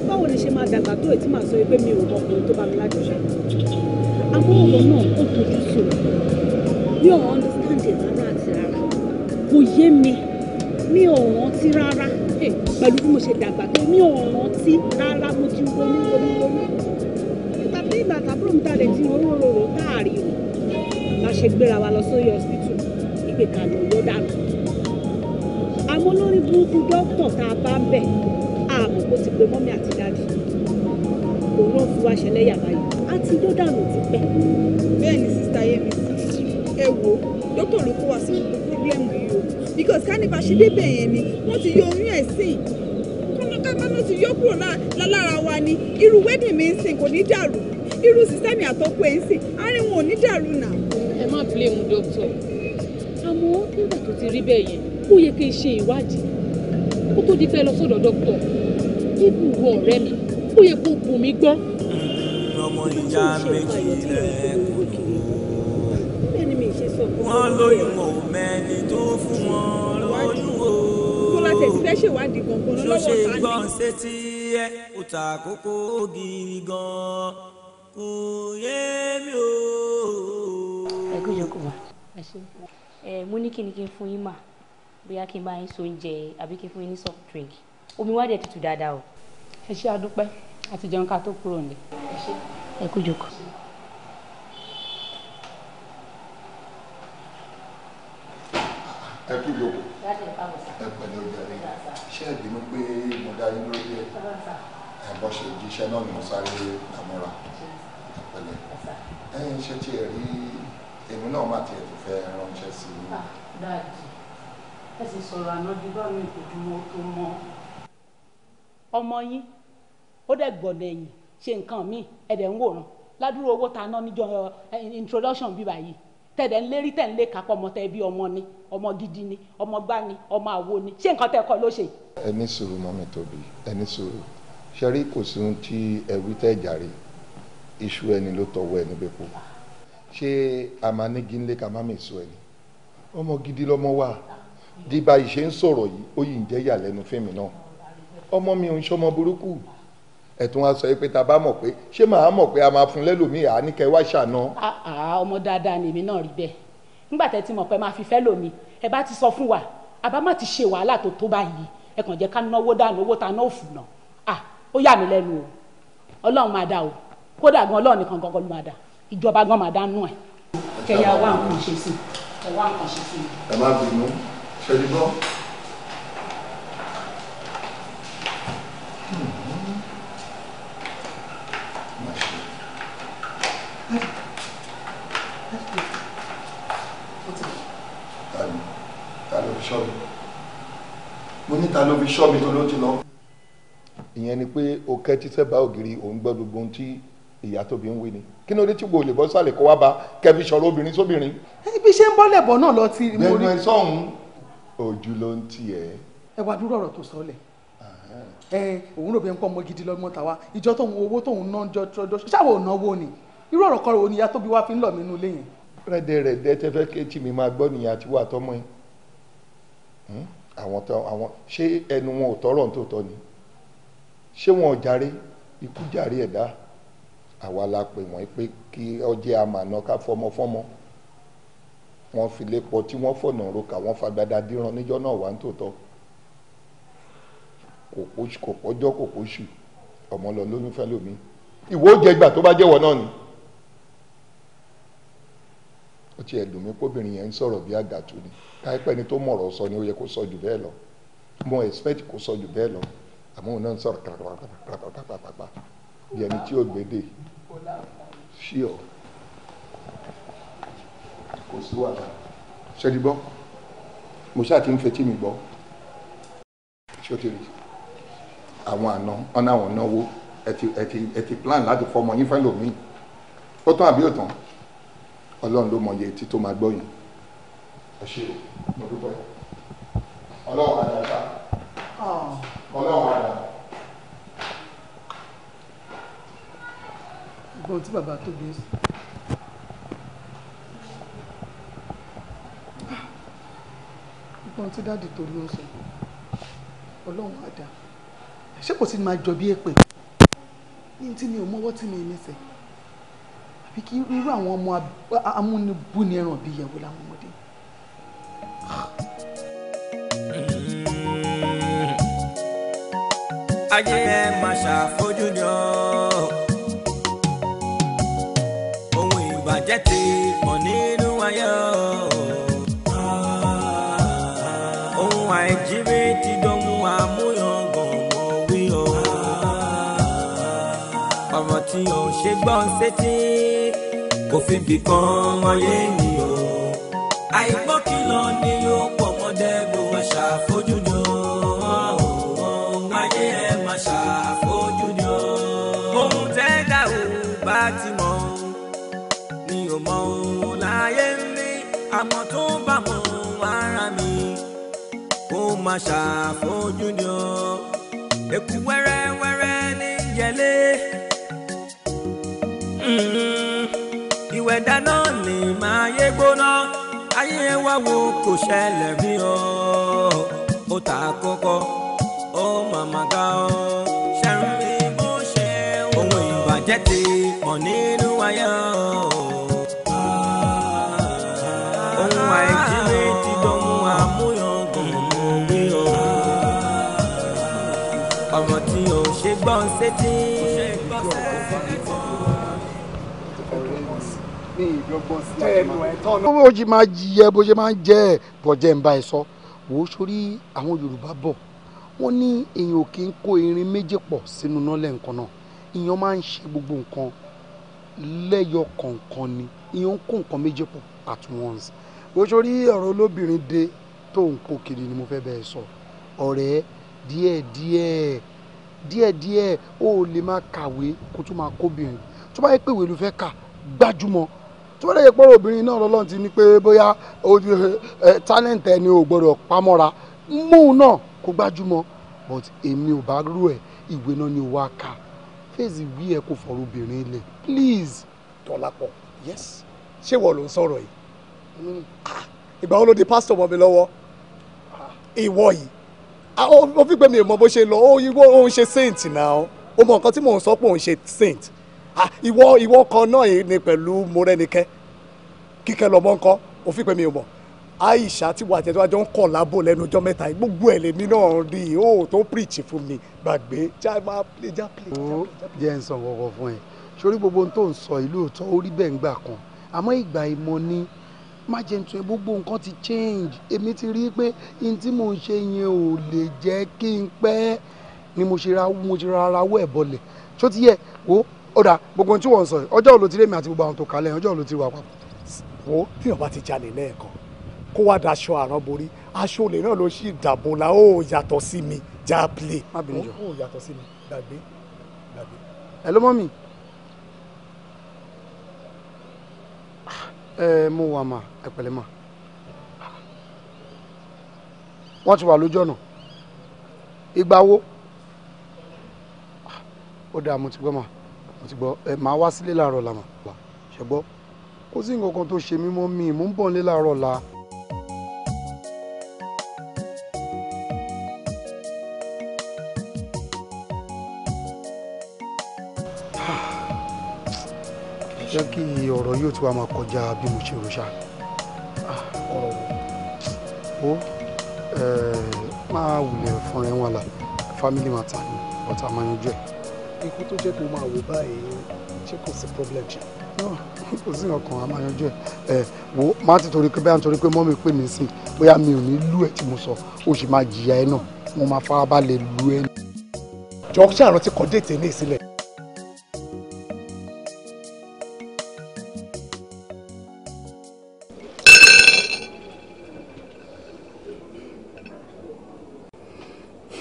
báwo ni ṣe máa dàgbà tó ètí màá sọ pé mi ò mọ ọkùnrin tó bá mi lájọṣepọ̀ àbúrò ọ̀rọ̀ náà ó dojú sùn mi ò understand it kò yé mi mi ò rántí rárá eh, pẹ̀lú bí mo ṣe dàgbà tó mi ò rántí rárá mo ti ronú ronú ronú tàbí ìgbà tàbúrò mi talẹ̀ tí wọ́n rò rò káàrí o la ṣe gbéra wa lọ sórí hospital ìpè kàlù ọ̀yọ́ dànù àmọ́ lórí burúkú dókítà tá a bá ń bẹ̀ àmọ́ kó ti pe mọ́mí àti dájú òun náà fi wá ṣẹlẹ́yà báyìí àti yóò dànù ti pẹ́. bẹ́ẹ̀ ni sísá yẹmi ẹ wo dókítà kó wa sí ìlú problem yìí o because kánìfà ṣe débẹ̀ yẹn ni wọ́n ti yọ oyún ẹ̀ sìn kámákámámá ti yọ kúrò lára wa ni irú wedding mi ń sìn kò ní dàrú irú sísẹ́mi àtọ́kù ẹ̀ ń sìn àárín wọn ò ní dàrú náà. ẹ má blame doctor àmọ́ nígbà tó ti rí bẹ́ẹ̀ yẹn ó yẹ kí n ṣe ìwádìí kó tó di pẹ́ lọ sọ́dọ̀ doctor ibù wọ ọ̀rẹ́ mi ó yẹ kó bù mí gbọ́. ọmọ ìyá méjì rẹ̀ kò tó wọ́n lóyún wọn. fẹ́ ṣèwádìí gbọ̀ngàn lọ́wọ́ ta ni. ṣó ṣe gbọ́n sétí ẹ kò ta kókó gidi gan-an kò yé mi o. ẹ kú ìjókòó wa ẹ mo ní kí ni kí n fún yín mà bóyá kí n bá yín so oúnjẹ àbí kí n fún yín ní soft drink omi wá dẹ̀ tutù dáadáa o. ẹ ṣe àdúpẹ́ àti jẹun ká tó kúrò nílé. ẹ kú ìjókòó. ẹ kú ìjókòó. kọ́kọ́ ṣe jíṣẹ́ náà ni mo sáré àmúra pẹ̀lẹ́ ẹ̀yìn ṣe tiẹ̀ rí èmi náà má tiẹ̀ tó fẹ́ ránṣẹ́ sí i. Ah, dáàdì ẹ sì sọ̀rọ̀ àná bí báwọn ìkòjúmọ́ tó mọ́. ọmọ yín ó dẹ̀ gbọ̀dọ̀ ẹ̀yìn ṣe nǹkan míì ẹ̀dẹ̀ ń wòran ládùúgbò owó ta náà níjọ introduction bíbá yìí tẹ̀dẹ̀ ń lérí tẹ̀ ń lé kápọ̀ ọmọ tẹ̀ bí ọmọ ni ọmọ gidi ni ọmọ gbá ni ọmọ àwo ni ṣé nǹkan tẹ̀ kọ́ ló ṣe. ẹ sùúrù mọ́mi tóbi ẹ sùúrù ṣẹ́rí kò sí ohun tí ẹ̀wí tẹ̀ jàre iṣu ẹni ló tọwọ́ ẹni bẹ́ẹ̀ kú ṣé a máa ní gínlé ká má mèso ẹni ọmọ gidi lọmọ wa díba ìṣe ń sọ̀rọ̀ yìí ó yìí ń jẹ́ ìyàlẹ́nu fíìmù náà ọmọ mi ò ń ṣọmọ burúkú ẹ̀tún wa sọ pé ta bá mọ̀ pé ṣé màá mọ̀ pé a máa fún lẹ́lòmíì à ní kẹ́ wá ṣàná. ọmọ dáadáa ni èmi náà rí bẹ́ẹ̀ nígbà tẹ́ ti mọ̀ pé máa fi fẹ́ lòmíì ẹ bá ti sọ fún wa àbá ti ṣe wàhálà tó tó báyìí ẹ kàn jẹ́ ká náwó dànù owó ta náà òfù náà ó yà mí lẹ́nu o ọlọ́run máa dá o kódà gan ọlọ́run nìkan gan ló máa dá ìjọba gan máa dá nù ẹ̀. kẹyà wá nǹkan ṣe sí ẹ wá nǹkan ṣe sí. ẹ má bínú ṣẹlí gbọ́. Hmm, ta ló fi ṣọ́ mi mo ní ta ló fi ṣọ́ mi tó ló ti lọ ìyẹn ni pé o kẹ́ títẹ́ bá ògiri òun gbọ́ gbogbo ohun tí ìyá tóbi ń wí ni kí ni o ní tí wo lè bọ́ sálẹ̀ kó wá ba kẹbi sọ̀rọ̀ obìnrin sóbìnrin. ibi iṣẹ́ ń bọ́ lẹ̀bọ̀ náà lọ ti. lẹ́nu ẹ sọ̀hún ojú ló ń tiẹ̀. ẹ wá dúró ọ̀rọ̀ tó sọ lẹ̀ ẹ òun rò ń pọ̀ ọmọ gidi lọ́mọ tàwa ìjọ tóun owó tóun ná jọ jọ ṣáwọ̀ ò náwó ni irú ọ̀rọ̀ kọ́ra òun ìyá tóbi wá fi ń lọ̀ mí nú ilé yẹn. rẹ́dẹ̀rẹ́dẹ́ tẹ́ fẹ́ kéétì mi máa gbọ́ nìyà àti wà tọ́mọ yẹn hmm? àwọn ṣé ẹnu wọn ò tọ́rọ̀ ní tòótọ́ ni ṣé wọn ò jàre ikú jàre ẹ̀dá àwa la pè wọ́n pé kí ọjẹ́ àmàna ká fọmọfọmọ wọ́n fi lé pọ̀ tí wọ́n fọ̀nà roka wọ́n fagbada díran níjọ́ náà wà ń tòótọ́ kò pọ́jọ́ kò pọ́ṣù ọmọ lọ lóyún fẹ́ lómi ìwọ jẹ gbà tó bá jẹ́wọ́ náà ni ó ti ẹ̀dùn mi kóbìnrin yẹn ń sọ̀rọ̀ bí àgàtú ni káyipẹ́ ni tó mọ̀rọ̀ sọ ni ó yẹ kó sọ jù bẹ́ẹ̀ lọ mo expect kó sọ jù bẹ́ẹ̀ lọ àmọ́ òun náà ń sọ̀rọ̀ kàràkàràkàràkàràkàràkàrà bí ẹni tí ó gbédè ṣíọ kò sí wàhálà ṣẹ́ni gbọ́ mo ṣáà ti ń fetí mi gbọ́ ṣé o ti rí àwọn àna ọ̀nà àwọn náwó ẹ̀tì ẹ̀tì plan láti fọmọ yín fẹ́ lòmíì ó tán àbí ó tán ọlọ́run ló mọ iye tó máa gbọ́ yìí ẹ ṣé o mo dúpẹ́ ọlọ́run àdáyé. gbọ́n tí bàbá tó gbé sí. gbọ́n tí dáàdì tó ló ń sọ ọlọ́run àdá ṣé kò sí máa jọ bí èpè ní tí mi ò mọ́wọ́ tí mi ò níṣẹ́ àbí kí irú àwọn ọmọ amúnibúni ẹran bíi ìyàwó làwọn ọmọdé. ayé ẹ máa ṣàfojúdi jẹ́ ti pọ̀ nínú ayọ̀. ohun àìjírí ti dohun àmúyangàn mọ̀ wí o. ọ̀rọ̀ tí ò ṣe gbọ́ sétí kò fi bì kan ayé mi o. àìgbọ́kìlọ̀ ni yóò pọ̀ mọ́dẹ́gbò àṣà fojú. má ṣàfojúdi o eku wẹ́rẹ́wẹ́rẹ́ ní yẹlé mm-hmm. ìwẹ̀ dáná ní máa yé gbóná ayé wa wo kò ṣẹlẹ̀ bí o ó ta kókó ó màmá ga o ṣẹ́rù ni mo ṣe ohun ìbàjẹ́ ti pọ̀ nínú ayé o. gbọ́n sétí. owó ojì máa jẹ bó ṣe máa ń jẹ ẹ bọ̀jẹ̀ ń bá ẹ sọ wò ó sórí àwọn Yorùbá bọ̀ wọ́n ní èèyàn ò kí ń kó irin méjì pọ̀ sínú náà lẹ́ǹkan náà èèyàn máa ń ṣe gbogbo nǹkan lẹ́yọ kọ̀ọ̀kan ni èèyàn ń kó nǹkan méjì pọ̀ at once wò ó sórí ọ̀rọ̀ olóbìnrin dé tó ń kó kiri ni mo fẹ́ bẹ́ẹ̀ sọ ọ̀rẹ́ díẹ̀díẹ̀ díẹ̀díẹ̀ ó lè máa kàwé kó tó máa kóbìnrin tó bá yẹ pé ìwé ló fẹ́ kà gbájúmọ́ tó bá yẹ pé obìnrin náà lọ́lọ́run ti ní pé bóyá talent ẹni ò gbọ́dọ̀ pamọ́ra móun náà kó gbájúmọ́ but èmi ò bá rú ẹ̀ ìwé náà ni wàá kà fèsì wí ẹ kò fọ̀rọ̀ obìnrin lẹ̀ please. tọ́lápọ̀ yes ṣé wọ́n ló ń sọ̀rọ̀ yìí ìgbà wo ló di pásítọ̀ mọ́ mi lọ́wọ́ ah. ìwọ yìí ó ah, oh, fi pé mi ò mọ bó ṣe lọ ó oh, yíwó ó ń ṣe saint náà ó mọ nǹkan tí mò ń sọ pé ó ń ṣe saint ah, ìwọ ìwọ kan náà ni pẹ̀lú morẹ́nikẹ́ kíkẹ́ lọ́mọ ńkọ́ ó fi pé mi ò mọ̀ Aisha tí wà tẹ́tí wájú ń kọ̀ lábò lẹ́nu ọjọ́ mẹ́ta yìí gbogbo ẹ̀ lèmi náà rí i ó oh, tó preach fún mi gbàgbé já máa play já play. ó jẹ́ ń sọ kọ̀ọ̀kan fún ẹ sórí gbogbo ohun tó ń sọ ìlú òótọ́ orí bẹ́ẹ̀ ń gbà kan àmọ́ ìgbà ìmọ̀ ni má jẹ́ nítorí gbogbo nǹkan ti change èmi ti rí i pé n tí mò ń ṣe yẹn ò lè jẹ́ kí n pẹ́ ni mo ṣe ra mo ṣe ra ara wọ ẹ̀ bọlẹ̀ ṣó ti yẹ wo ọ̀dà gbogbo ohun tí wọ́n ń sọ yìí ọjọ́ òòlù ti rí àti gbogbo àwọn tó kalẹ̀ ọjọ́ òòlù ti wà papọ̀. wo tí yọba ti jalè lẹ́ẹ̀kan kó wá daṣọ àrán borí aṣọ olè náà ló ṣì dàbò la ó yàtọ̀ sí mi já play. má bínú ó yàtọ̀ sí mi gbàgbé gbàgbé. ẹ ló mọ́ mi. ẹ mo wà ma ẹ pẹ̀lẹ́ mà ti wà lójú ọ̀nà ìgbà wo ó dáa mo ti gbọ́ ma mo ti gbọ́ ẹ máa wá sílé la mà ṣùgbọ́n kò sí nǹkan tó ṣe mí mi mò ń bọ̀ nílé la. jẹ́ kí ọ̀rọ̀ yóò ti wá máa kọjá bí mo ṣe rò ṣá ah, ọ̀rọ̀ wo eh, máa wulẹ̀ fúnra ẹ̀ wọn là family matter ni ọ̀tá máa yanjú ẹ̀. ikú tó jẹ́ kó máa wò báyìí ṣé kò sí problem ṣá. Ah, kò sí ọkàn a máa yanjú ẹ wo má ti torí pé báyà nítorí pé mọ́mí pè mí sí bóyá mi ò ní lú ẹ̀ tí mo sọ ó sì máa jìyà ẹ náà mo máa farabalẹ̀ lú ẹ. jọ ṣàrántí kọ déètì ní ìsílẹ̀.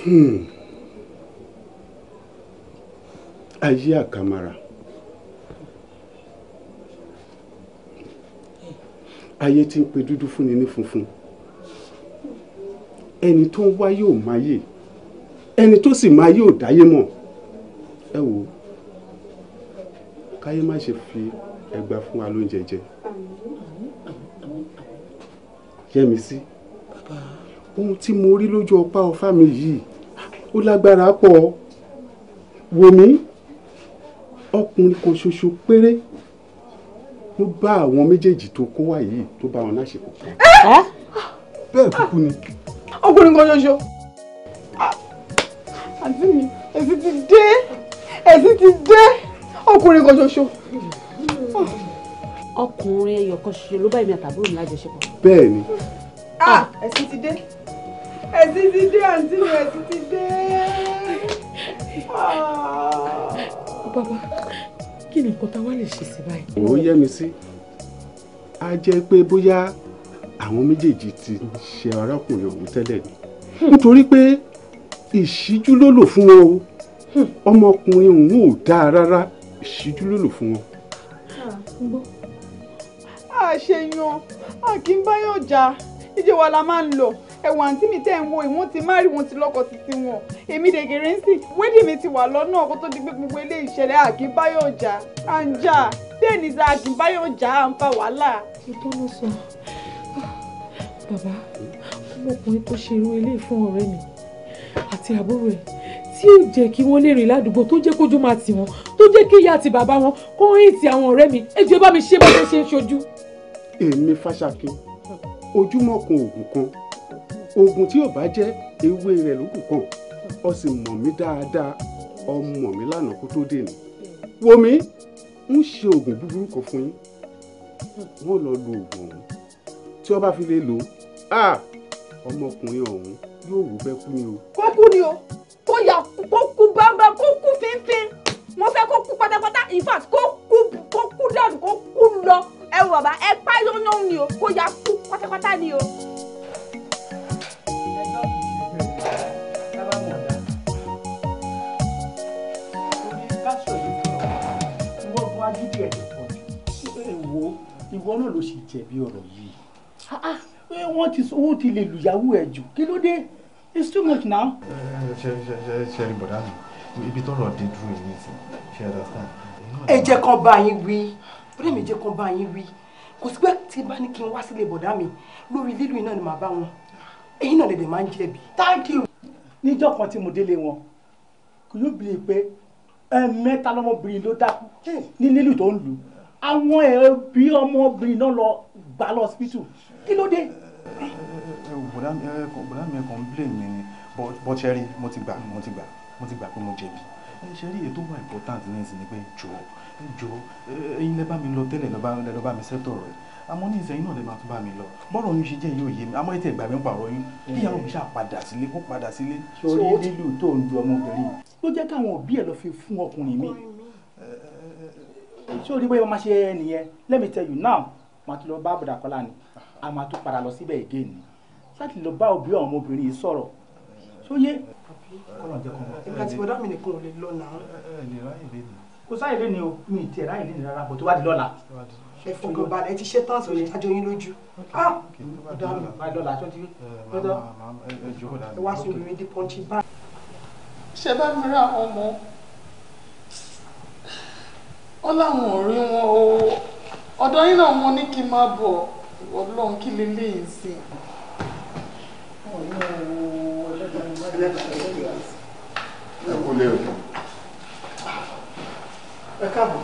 Hmm. ayé àkàmàrà ayé tí ń pe dúdú fúnni ní funfun ẹni tó ń wáyé ò máyé ẹni tó sì máyé ò dáyé mọ̀ ẹ wò káyé má ṣe fi ẹgbà fún wa lóúnjẹ jẹ yẹmi sí ohun tí mo rí lójú ọpá ọfà mi yìí ó lágbára pọ̀ wò mí ọkùnrin kan ṣoṣo péré ló bá àwọn méjèèjì tó kó wá yìí tó bá wọn láṣepọ̀. bẹ́ẹ̀ kúkú ni. ọkùnrin kan ṣoṣo àǹtí mi èsì ti dé èsì ti dé ọkùnrin kan ṣoṣo. ọkùnrin ẹyọ kan ṣoṣo ló bá èmi àtàbúrò mi lájọṣepọ̀. bẹ́ẹ̀ ni. èsì ti dé ẹ̀sìn ti dé àǹtí mi ẹ̀sìn ti dé. Ah. bàbá kí ni nǹkan tá a wá lè ṣe sí báyìí. ó yẹ mi sí a jẹ́ pé bóyá àwọn méjèèjì ti ṣe arákùnrin ọ̀hún tẹ́lẹ̀ ni nítorí pé ìṣíjú ló lò fún wọn o ọmọkùnrin òun ò dáa rárá ìṣíjú ló lò fún wọn. àṣeyàn ah, a kì la máa ń lọ ẹ̀wọ̀n àǹtí mi tẹ́ ẹ̀ ń wo ìwọ́n ti má rí wọn ti lọ́kọ̀ títí wọn èmi dègèrè ń sìn wédìí mi ti wà lọ́nà kó tó di pé gbogbo ilé ìṣẹ̀lẹ̀ àkínbáyọ̀jà à ń jà bẹ́ẹ̀ ni sa àkínbáyọ̀jà à ń fa wàhálà. ìtọ́ ló sọ bàbá ọmọkùnrin tó ṣe irú ilé fún ọ̀rẹ́ mi àti àbúrò ẹ̀ tí ò jẹ́ kí wọ́n lè rìn ládùúgbò tó jẹ́ kójú máa tì wọ́n tó jẹ́ kí ìyá àti bàbá wọn kó rìn ti àwọn ọ̀rẹ́ mi ẹ jẹ́ bá mi ṣe bá ṣe ń ṣojú. èmi fàṣàkín ojúmọ́ kan oògùn kan oògùn tí ò bá jẹ́ ewé rẹ̀ ló kù kàn ọ sì mọ̀ mí dáadáa ọmọ mi lánàá kó tó dènà wo mi ń ṣe oògùn búburú kan fún yín wọ́n lọ lo oògùn ọ̀hún tí wọ́n bá fi lè lò ó ọmọkùnrin ọ̀hún yóò wù bẹ́ẹ̀ kú ni o. kó kú ni o kó yà kó kú bámbá kó kú fínfín mo fẹ́ kó kú pátápátá in fact kó kú kó kú dànù kó kú lọ ẹ wò bàbá ẹ pa yányán ni o kó yà kú pátápátá ni o. ìwọ náà ló sì jẹ̀bi ọ̀rọ̀ yìí ah, ah. wọ́n ti owó ti lè lùyàwó ẹ̀ jù kí ló dé it's too much now. ṣe ṣe ṣe ṣe rí bọ̀dá mi ibi tọ́rọ̀ dé dúró yìí sí ṣe understand. ẹ jẹ́ kán bá yín wí bọ́dẹ̀ mi jẹ́ kán bá yín wí kò sí pé tí bá ní kí n wá sílé bọ̀dá mi lórí lílù iná ni màá bá wọn èyí náà lè máa ń jẹ̀bi. thank you. níjọ́ kan tí mo délé wọn kò yóò bìrì pé ẹ̀ẹ̀mẹ́ta lọ́mọbìnrin ló dákú ní lílù tó ń lù ú àwọn ẹbí ọmọbìnrin náà lọ gbà lọ hospital kí ló dé. bọ̀dá mi ẹ̀ complain mi ni bọ́chẹ́rì mo ti gbà mo ti gbà mo ti gbà pé mo jẹ̀bi ẹ ṣe rí ètò wà important ní ìsìn ní pé jọ jọ ẹ̀yin lẹ bá mi lọ tẹ́lẹ̀ lẹ lọ bá mi sẹtọ rẹ àmọ́ ní ìsẹyìn náà lẹ máa tún bá mi lọ bọrọ oyún ṣe jẹ yóò yé mi àmọ́ ètò ìgbà mi ń pààrọ̀ yín kíyàwó mi ṣáà padà sílé kó padà sílé sórí lílù tó ń ju ọmọbìnrin. ló jẹ́ káwọn òbí ẹ̀ lọ fi fún ọkùnrin mi ṣé o rí bóyá máa ṣe ẹ nìyẹn let me tell you now màá tún lọ bá bọ̀dà kọ́lá ni a máa tún padà lọ síbẹ̀ again ni láti lọ bá òbí àwọn ọmọbìnrin yìí sọ̀rọ̀ ṣó yé. ìgbà tí bọ̀dá mi nìkan ò lè lọ náà. kò sáyè lé ni o mi ì tiẹ̀ ráyè lé ni rárá bọ̀ tó ẹ fọkàn balẹ̀ ẹ ti ṣe tán sórí ìtajọ yín lójú. ẹ wá sí obìnrin di pọ́ńchì báyìí. ṣe bá mi ra ọmọ ó láwọn ò rí wọn o ọ̀dọ̀ yín náà wọn ní kí n máa bọ̀ ọlọ́run kí leléyìí sí i. ẹ kú lé o. ẹ káàbọ̀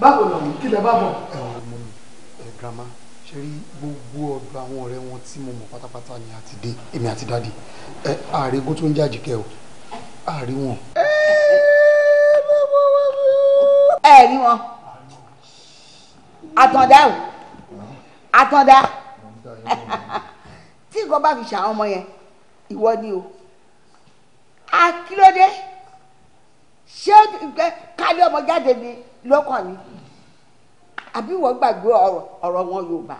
báwo lọ kí lẹ bá bọ̀. ẹ wọ ọmọ mi ẹ girama ṣe rí gbogbo ọ̀dọ̀ àwọn ọ̀rẹ́ wọn tí mo mọ̀ pátápátá ni àti dé èmi àti dáàdi ẹ ààrẹ egún tó ń jàjì kẹ o ààrẹ wọn. ẹ ẹ bá wọ́n wá bí o ẹ rí wọn àtàndá o àtàndá tí nǹkan bá fi ṣàwọn ọmọ yẹn ìwọ ni o akílódé ṣé kálí ọmọ jáde ni lọ́kàn ni àbí wọ́n gbàgbé ọ̀rọ̀ wọn Yorùbá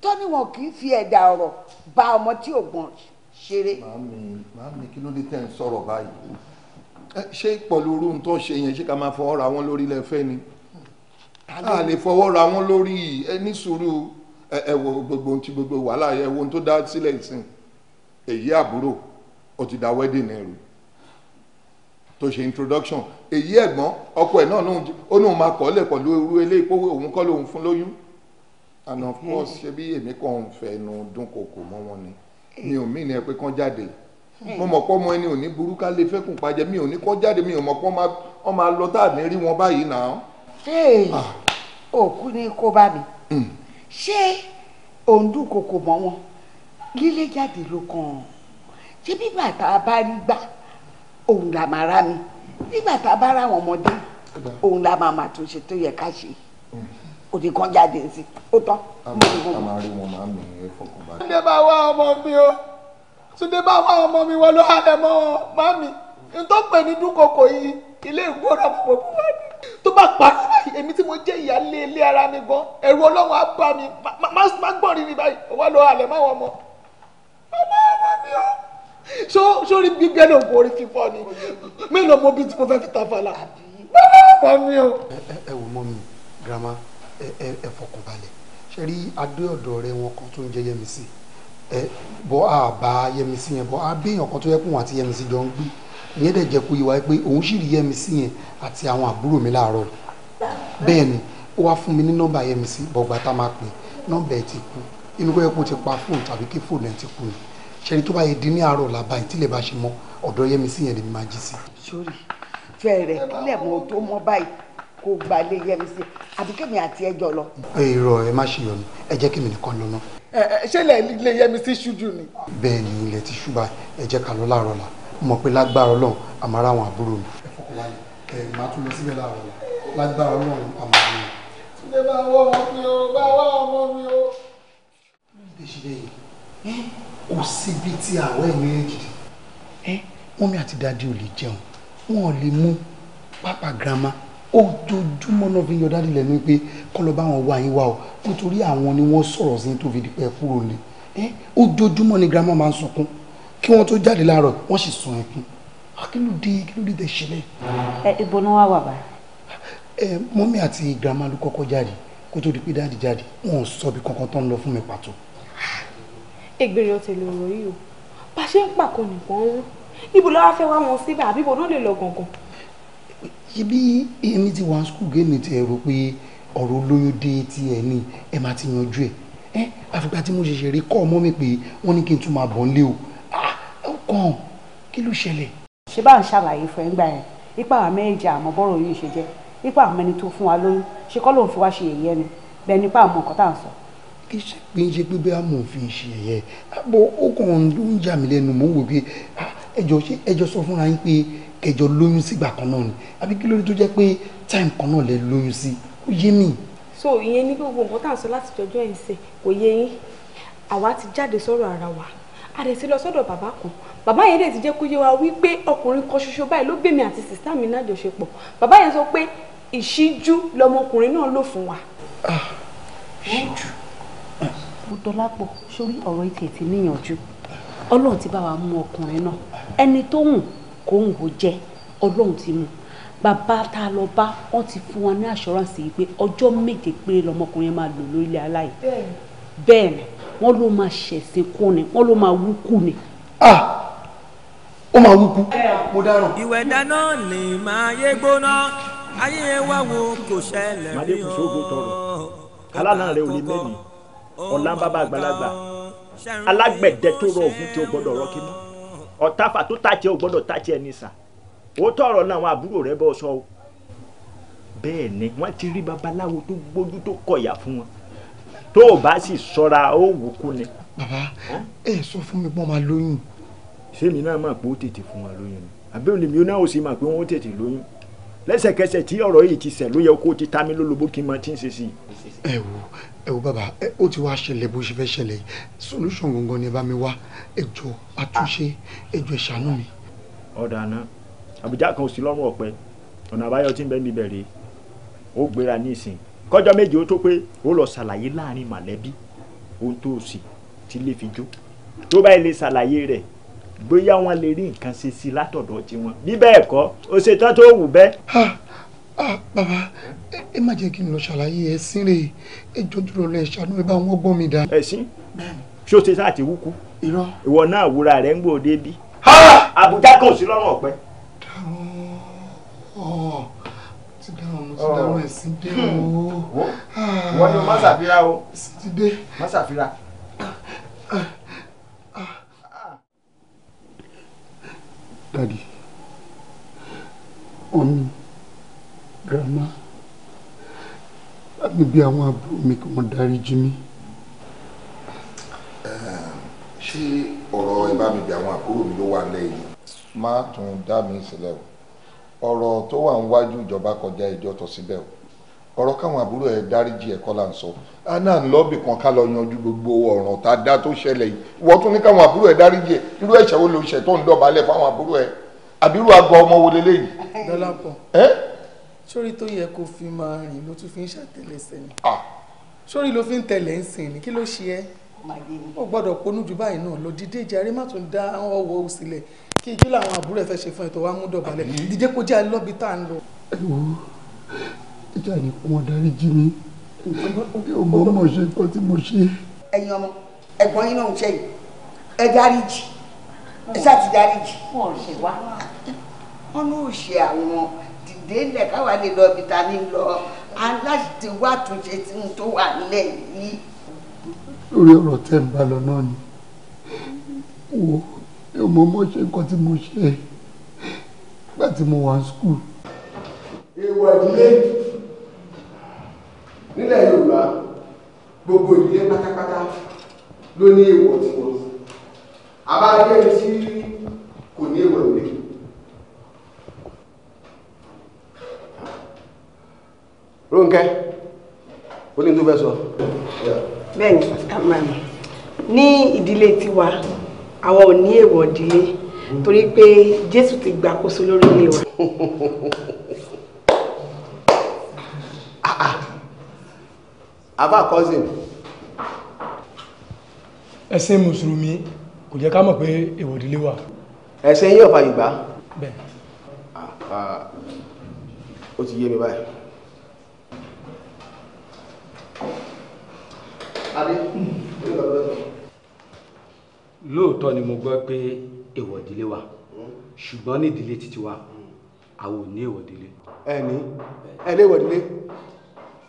tọ́ni wọn kì í fi ẹ̀dà ọ̀rọ̀ ba ọmọ tí ò gbọ́n ṣeré. màámi màámi kí ló dé tẹ́ ń sọ̀rọ̀ báyìí ṣé pẹ̀lú irú tó ṣe yẹn ṣé ká máa fọwọ́ ra wọn lórí lẹ́fẹ́ ni a lè fọwọ́ ra wọn lórí ẹni sùúrù ẹwọ gbogbo ti gbogbo wàhálà ẹwọ tó dá sílẹ̀ ìsìn èyí àbúrò ó ti da wedding ẹrù tó ṣe introduction èyí ẹ̀gbọ́n ọkọ ẹ̀ náà ó náà máa kọ́ lẹ̀ pẹ̀lú irú eléyìí pé òun kọ́ lòun fún lóyún and of course ṣe bí èmi kàn ń fẹnu dúnkokò mọ́ wọn ni mi ò mí ni ẹ pé kán jáde Hmm. mo mọ̀ pọ́ ọmọ ẹni ò ní burúkú lè fẹ́kùn pàjẹ́ mi ò ní kọ́ jáde mi ò mọ̀ pọ́ ọ máa lọ tá à ní rí wọn báyìí náà. ṣé ah. òkú ni kó bá mi hmm. ṣé òǹdùn kòkò mọ́ wọn lílé jáde ló kàn án ṣé bígbà tá a bá rí gbà òun là máa rá mi nígbà tá a bá ra àwọn ọmọdé òun la máa máa tún ṣe tó yẹ ká ṣe òdì hmm. jáde sí ó tán. a máa rí wọn máa ń mìíràn fọkànbalẹ̀. ẹ bá wá ọmọ mi o. Túndé bá wá ọmọ mi wọ́n ló halẹ̀ mọ́ mami n tó pè ní dúnkokò yìí ilé ìgbóra pọ̀ fún wa ni tó bá parí báyìí èmi tí mo jẹ́ ìyáálé ilé ara mi gan ẹ̀rù ọlọ́run á bá mi má gbọ́n rí mi báyìí wọ́n ló halẹ̀ mọ́ àwọn ọmọ ọmọ ọmọ mi o sórí gbígbẹ́ ló ń borí fífọ́ ni mélòó mo bí tí mo fẹ́ fi ta fàlà ọmọ mi o. ẹ wò mọ mi grandma ẹ fọkàn balẹ̀ ṣe rí adé ọ̀dọ̀ rẹ wọn kan tó ń jẹyẹ mi sí i ẹ bọ́ a bá Yẹmisí yẹn bọ́ a béèyàn kan tó yẹ kóun àti Yẹmisí jọ ń gbé ìyẹn dẹ̀ jẹ́ kó yé wa pé òun sì rí Yẹmisí yẹn àti àwọn àbúrò mi láàárọ̀ bẹ́ẹ̀ ni ó wá fún mi ní nọ́mbà Yẹmisí bọ̀gbà tá a máa pè nọ́mbà ẹ̀ ti kú inú kọ́ yẹ kó ti pa fóònù tàbí kí fóònù ẹ̀ ti kú ni ṣẹ́ni tó bá yẹ dín ní àárọ̀ làbá ìtìlẹ̀ bá ṣe mọ́ ọ̀dọ̀ Yẹmisí yẹn lè máa jí sí. sórí fẹ́ẹ̀rẹ̀ kílẹ̀ mọ́ tó mọ́ báyìí kó gba ilé yẹmísì àbí kémi àti ẹjọ́ lọ. èrò ẹ má ṣe yọnu ẹ jẹ́ kémi nìkan lọ náà. ṣé ilé yẹmísì ṣúdù ni. bẹ́ẹ̀ ni ilẹ̀ ti ṣúba ẹ jẹ́ ká lọ láàárọ̀ la mọ̀ pé lágbára ọlọ́run àmọ́ ara àwọn àbúrò mi. ẹ fọkàn wá ẹ máa tún lọ síbẹ̀ láàárọ̀ la lágbára ọlọ́run àmọ́ àwọn mi. ṣé bá wọ ọmọ mi o bá wọ ọmọ mi o. kò síbi tí àwọ̀ ẹ̀ méjì dé. mọ́mí àti dáadé ò lè jẹun wọn ò lè mú pápá girama ojoojúmọ́ náà fi ń yọ dáàdì lẹ́nu pé kọ́ lọ bá wọn wá yín wá o nítorí àwọn ni wọ́n sọ̀rọ̀ sí tó fi di pẹ́ kúrò lé ojoojúmọ́ ni grandma máa ń sunkún kí wọ́n tó jáde láàárọ̀ wọ́n sì sun ẹkún ah, kí ló dé kí ló dé tẹ̀ ṣẹlẹ̀. ẹ ibo ni wàá wà bá. ẹ mọ́mí àti grandma ló kọ́kọ́ jáde kó tó di pé dáàdì jáde wọn ò sọ ibi kankan tó ń lọ fún mi pàtó. ègbèrè ọ̀tẹ̀ lọ̀rọ̀ yìí o bá ṣe ń pàkó nìkan níbo ló wá fẹ́ wá wọn síbẹ̀ àbíbo ló lè lọ gàngàn ṣe bí èmi ti wà skul géèmì ti ẹ rò pé ọ̀rọ̀ olóyún dé tí ẹ ní ẹ máa ti yanjú ẹ ẹ àfìgbà tí mo ṣẹ̀ṣẹ̀ rí kọ́ ọmọ mi pé wọ́n ní kí n tún máa bọ̀ nílé o ah, ó kàn kí ló ṣẹlẹ̀. ṣé bá ń ṣàlàyé fún ẹ ń gbà yẹn ipa àwọn méjì àmọ́ bọ́rọ̀ yìí ṣe jẹ́ ipa àwọn ẹni tó fún wa lóyún ṣe kọ́ ló ń fi wá ṣe yẹ̀yẹ́ ni bẹ́ẹ̀ nípa àwọn nǹkan tá à ń sọ kì í ṣe pé ń ṣe pé bí amòfin ṣe ẹ̀yẹ àbọ̀ ó kàn ń jà mí lẹ́nu mò wò pé ah, ẹjọ́ sọ fúnra yín pé kẹjọ lóyún sígbà kan náà ni àbí kí ló tó jẹ́ pé time kan náà lẹ lóyún sí ó yé mi. so ìyẹn ní gbogbo nǹkan tá à ń sọ láti jọjọ́ ẹ̀ ń sè kò yé yín àwa ti jáde sọ̀rọ̀ ara wa a dẹ̀ ti lọ sọ́dọ̀ bàbá kan bàbá yẹn dẹ̀ ti jẹ́ kó yé wa wípé ọkùnrin kan ṣoṣo báyìí ló gbèmí àti sìstá mi náà jọṣepọ̀ bàbá yẹn sọ pé ìṣíjú lọmọkùnrin náà lò fún wa. Ah, ṣíjú. mo dọlápọ̀ sórí ọ̀rọ̀ ìtẹ̀tẹ̀ níyànjú ọlọ́run ti bá wa mú ọkùnrin náà ẹni tó wù kóhùn ó jẹ́ ọlọ́run ti mú bàbá tá a lọ bá wọn ti fún wa ní assurance yìí pé ọjọ́ méje péré lọmọkùnrin máa lò lórílẹ̀ aláì bẹ́ẹ̀ ni wọ́n ló máa ṣẹ̀sìn kú ni wọ́n ló máa wúkú ni. ah ó máa wúkú mo dáràn. ìwẹ̀ dáná lè máa yé gbóná ayé wa wo kò ṣẹlẹ̀ rí o. alánà rẹ ò lè mẹ́ni ọ̀làǹbàbà àgbàlagbà alágbẹ̀dẹ tó rọ ògùn tí ó gbọ́dọ̀ rọ́ọ̀kì mọ́ ọ̀tàfà tó tàjẹ́ ò gbọ́dọ̀ tàjẹ́ ẹni sà ó tọrọ náà àwọn àbúrò rẹ bọ́ sọ o bẹ́ẹ̀ ni wọ́n ti rí babaláwo tó gbójú tó kọ̀yà fún wọn tó o bá sì sọ́ra ó wù kú ni. bàbá ẹ sọ fún mi pọ́n máa lóyún. sẹ́mi náà máa pé ó tètè fún wọn lóyún ni àbí olèmi náà ó sì máa pé wọ́n ó tètè lóyún lẹ́sẹ̀kẹsẹ̀ tí ọ̀rọ̀ yìí ti ṣẹ̀ ló yẹ kó o ti ta mí lólobó kí n máa ti ń ṣe sí i. ẹ wo ẹ wo bàbá ẹ ó ti wá ṣẹlẹ̀ bó ṣe fẹ́ ṣẹlẹ̀ yìí solution gangan ni ẹ bá mi wá ẹ jọ àtúnṣe ẹ jọ ìṣàánú mi. ọ̀dà àná àbújá kan ò sí lọ́rùn ọ̀pẹ ọ̀nà àbáyọ tí ń bẹ́ẹ̀ níbẹ̀ rèé ó gbéra ní ìsìn kọjọ́ méje ó tó pé ó lọ ṣàlàyé láàrin màlẹ́bí ohun tó sì ti lè fi jó tó bá lè ṣàlàyé rẹ̀ bóyá wọ́n lè rí nǹkan ṣe sí látọ̀dọ̀ tiwọn bí bẹ́ẹ̀ kọ́ ó ṣetán tó wù bẹ́ẹ̀ ah bàbá ẹ má jẹ́ kí n lọ ṣàlàyé ẹ̀sìn rẹ̀ ẹ jọjú lọ lọ ẹ ṣàánú ẹ bá wọn gbọ́n mi dá. ẹ̀sìn ṣé o ṣe sáà ti wúkú ìwọ náà wúra rẹ̀ ń gbò débi àbújá kan ò sí lọ́rùn ọ̀pẹ. ti dáhùn mo ti dáhùn ẹ̀sìn dé hmm. o. Ah. wọ́n ní o má ṣàfira o má ṣàfira. dadi omi. Um grandma láti bí àwọn àbúrò mi kí wọ́n dárí jí mi. ṣé ọ̀rọ̀ ẹ bá mi bí àwọn àbúrò mi ló wà lẹ́yìn. má tún dá mi sílẹ̀ o ọ̀rọ̀ tó wà ń wájú ìjọba kọjá ìjọ tó síbẹ̀ o ọ̀rọ̀ káwọn àbúrò ẹ̀ dáríjì ẹ̀kọ́ là ń sọ aná ń lọ́ọ̀bì kan ká lọ yanjú gbogbo ọ̀ràn tá a dá tó ṣẹlẹ̀ yìí wọ́n tún ní káwọn àbúrò ẹ̀ dáríjì ẹ̀ irú ẹ̀ṣẹ̀ wo ló ṣẹ̀ tó ń dọ̀bálẹ̀ fáwọn àbúrò ẹ̀ àbírú àgọ́ ọmọ wo leléyìí. dọ́là pọ̀. ẹ́ sórí tó yẹ kó fi máa rìn ló tún fi ń ṣàtẹ́lẹsẹ̀ ni ah. sórí ló fi ń tẹ̀lé ń sìn ni kí ló ṣe ẹ́ oh ó gbọ́dọ̀ ponú jù báyìí náà lọ dídé jàre má tún dá ọwọ́ sílẹ̀ kí kí làwọn àbúrò ẹ̀ fẹ́ ṣe fún ẹ tó wá mú dọ̀bálẹ̀ dídé kó jẹ́ lọ́bi tá à ń lọ. ẹ ìjà ni kò wọ́n darí jí mi ò mọ̀ mọ̀ ṣe nǹkan tí mo ṣe. ẹ̀yin ọmọ ẹ̀gbọ́n yín náà ń ṣe yìí ẹ darí jì ẹ ṣáà ti darí jì. wọn ò ṣe wá. wọn ló ṣe àwọn dé lẹ̀ káwa lè lọ ibi ta ní lọ aláṣẹ wà túnṣe tí n tó wà nílẹ̀ yìí. lórí ọ̀rọ̀ tẹ́ ń bá lọ náà ni wo ọmọ ọmọ ṣe nǹkan tí mo ṣe nígbà tí mo wà ní skul. èèwọ̀ ìdílé nílẹ̀ Yorùbá gbogbo ìdílé pátápátá ló ní èèwọ̀ tiwọn àbáyé tí. Rónkẹ́ ó ní tó fẹ́ sọ. bẹ́ẹ̀ ni Pascal ní ìdílé tiwa àwọn ò ní èèwọ̀ ìdílé torí pé Jésù ti gbàkóso lórí ilé wa. àbá ah, ah. cousin. ẹ̀sìn mùsùlùmí kò jẹ́ ká mọ̀ pé èèwọ̀ ìdílé wa. ẹ̀sìn yóò fàyè gbà. bẹ́ẹ̀. Ah, ó ti yé mi báyìí. adé lóòótọ́ ni mo gbọ́ pé èèwọ̀ ìdílé wa hmm. ṣùgbọ́n ní ìdílé títí wa àwọn ò ní èèwọ̀ ìdílé. ẹ ní ẹ ní èèwọ̀ ìdílé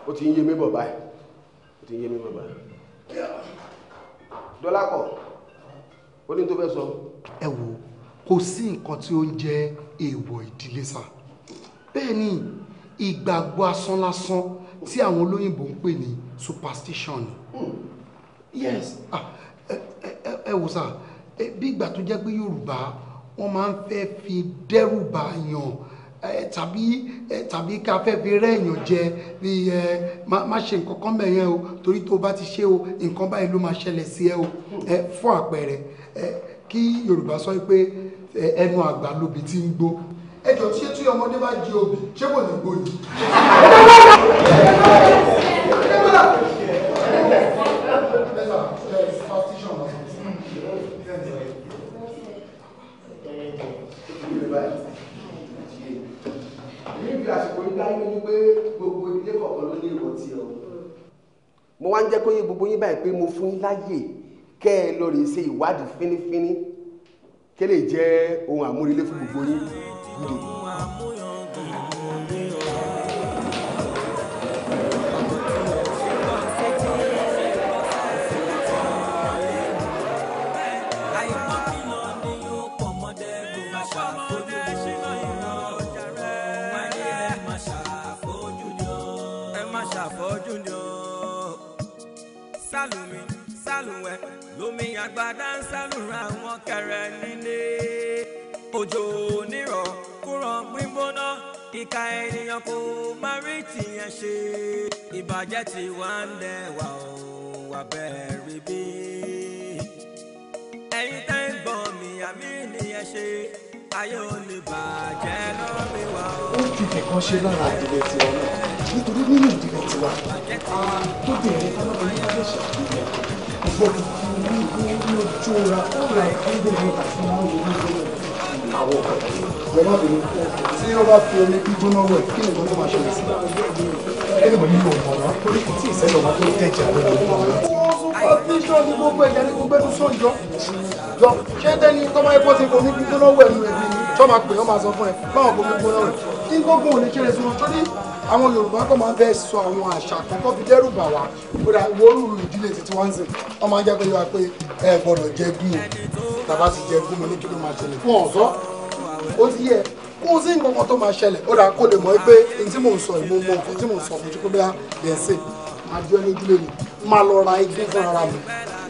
ó ti ń yé mi bọ̀ báyìí ó ti ń yé mi bọ̀ báyìí. dọ́lápọ̀ ó ní tó fẹ́ sọ. ẹ wo kò sí nǹkan tí ó ń jẹ́ èèwọ̀ ìdílé sá bẹ́ẹ̀ ni ìgbàgbọ́ asán lásán tí àwọn olóyìnbó ń pè ní superstition ni Hmm. yes ah, ẹ wò sàn bí ìgbà tó jẹ́ pé yorùbá wọ́n máa ń fẹ́ fi dẹ́rù bà yàn tàbí tàbí ká fẹ́ fi rẹ́yàn jẹ bí ẹ má ṣe nǹkan kan mẹ́yẹn o torí tó bá ti ṣe o nǹkan báyìí ló máa ṣẹlẹ̀ sí ẹ o hmm. fún àpẹẹrẹ kí yorùbá sọ pé ẹnu àgbà lóbi tí ń gbó ẹjọ tí tí ọmọdé bá jí obì ṣé kò ní gbòòdì. ń jẹ́ kó yé gbogbo yín báyìí pé mo fún yín láyè kẹ́ ẹ lọ rèé ṣe ìwádìí fínífíní kí lè jẹ́ ohun àmúrelé fún gbogbo yín gúdè. tẹ́ ti wá ń lẹ́wà o wà bẹ́ẹ̀ rí bí. ẹ̀yin tẹ́ ń gbọ́ mi àmì nìyẹn ṣe ayé ò lè bàjẹ́ lórí wa o. ó ju nìkan ṣe lára ìdílé tiwa náà nítorí nínú ìdílé tiwa tó bẹ̀rẹ̀ fọlọ́pàá ní ilé ìṣàkóso gbọ́dọ̀ fún mi ní ojú ra ọ̀la ìkéde rẹ̀ fún wọn wò àwọn ọ̀gá. ìjọba tí wọ́n bá fi omi gbígbóná wẹ̀ kí nìkan tó máa ṣẹlẹ̀ sí i everybody ló mọ̀ wọ́n torí kò tí ì sẹ́yìn ọmọ tó tẹ̀jà ló mọ̀ wọ́n. competition ni gbogbo ẹ̀jẹ̀ ni gbogbo ẹ̀dùn sóńjọ́ jọ ṣé tẹ́ni tọ́mọ ẹ̀kọ́ ti fomi gbígbóná wẹ̀ nù ẹ̀bí ni tọ́ máa pè ọ́ máa sọ fún ẹ báwọn kò gbígbóná rẹ̀ kí gbogbo ò lè ṣe èso torí àwọn Yorùbá kọ́ máa bẹ́ẹ̀ sọ àwọn àṣà kan kọ́ fi dẹ́rù bà wá kódà wọ́ọ́rù ìdílé títí wọ́n ń sìn wọ́n máa ń jẹ́ pé yóò pé ẹ gbọ́dọ̀ jẹ gún o tàbá ti jẹ gún mo ní kí ló máa ṣẹlẹ̀ fún ọ̀sọ́ ó ti yẹ kò sí nǹkan kan tó máa ṣẹlẹ̀ ó dà kó lè mọ̀ pé n tí mò ń sọ ìmọ̀ mọ̀ tí mò ń sọ fún pé bí i ẹ̀ ṣe àjọ ìdílé mi máa lọ ra igi fún ara mi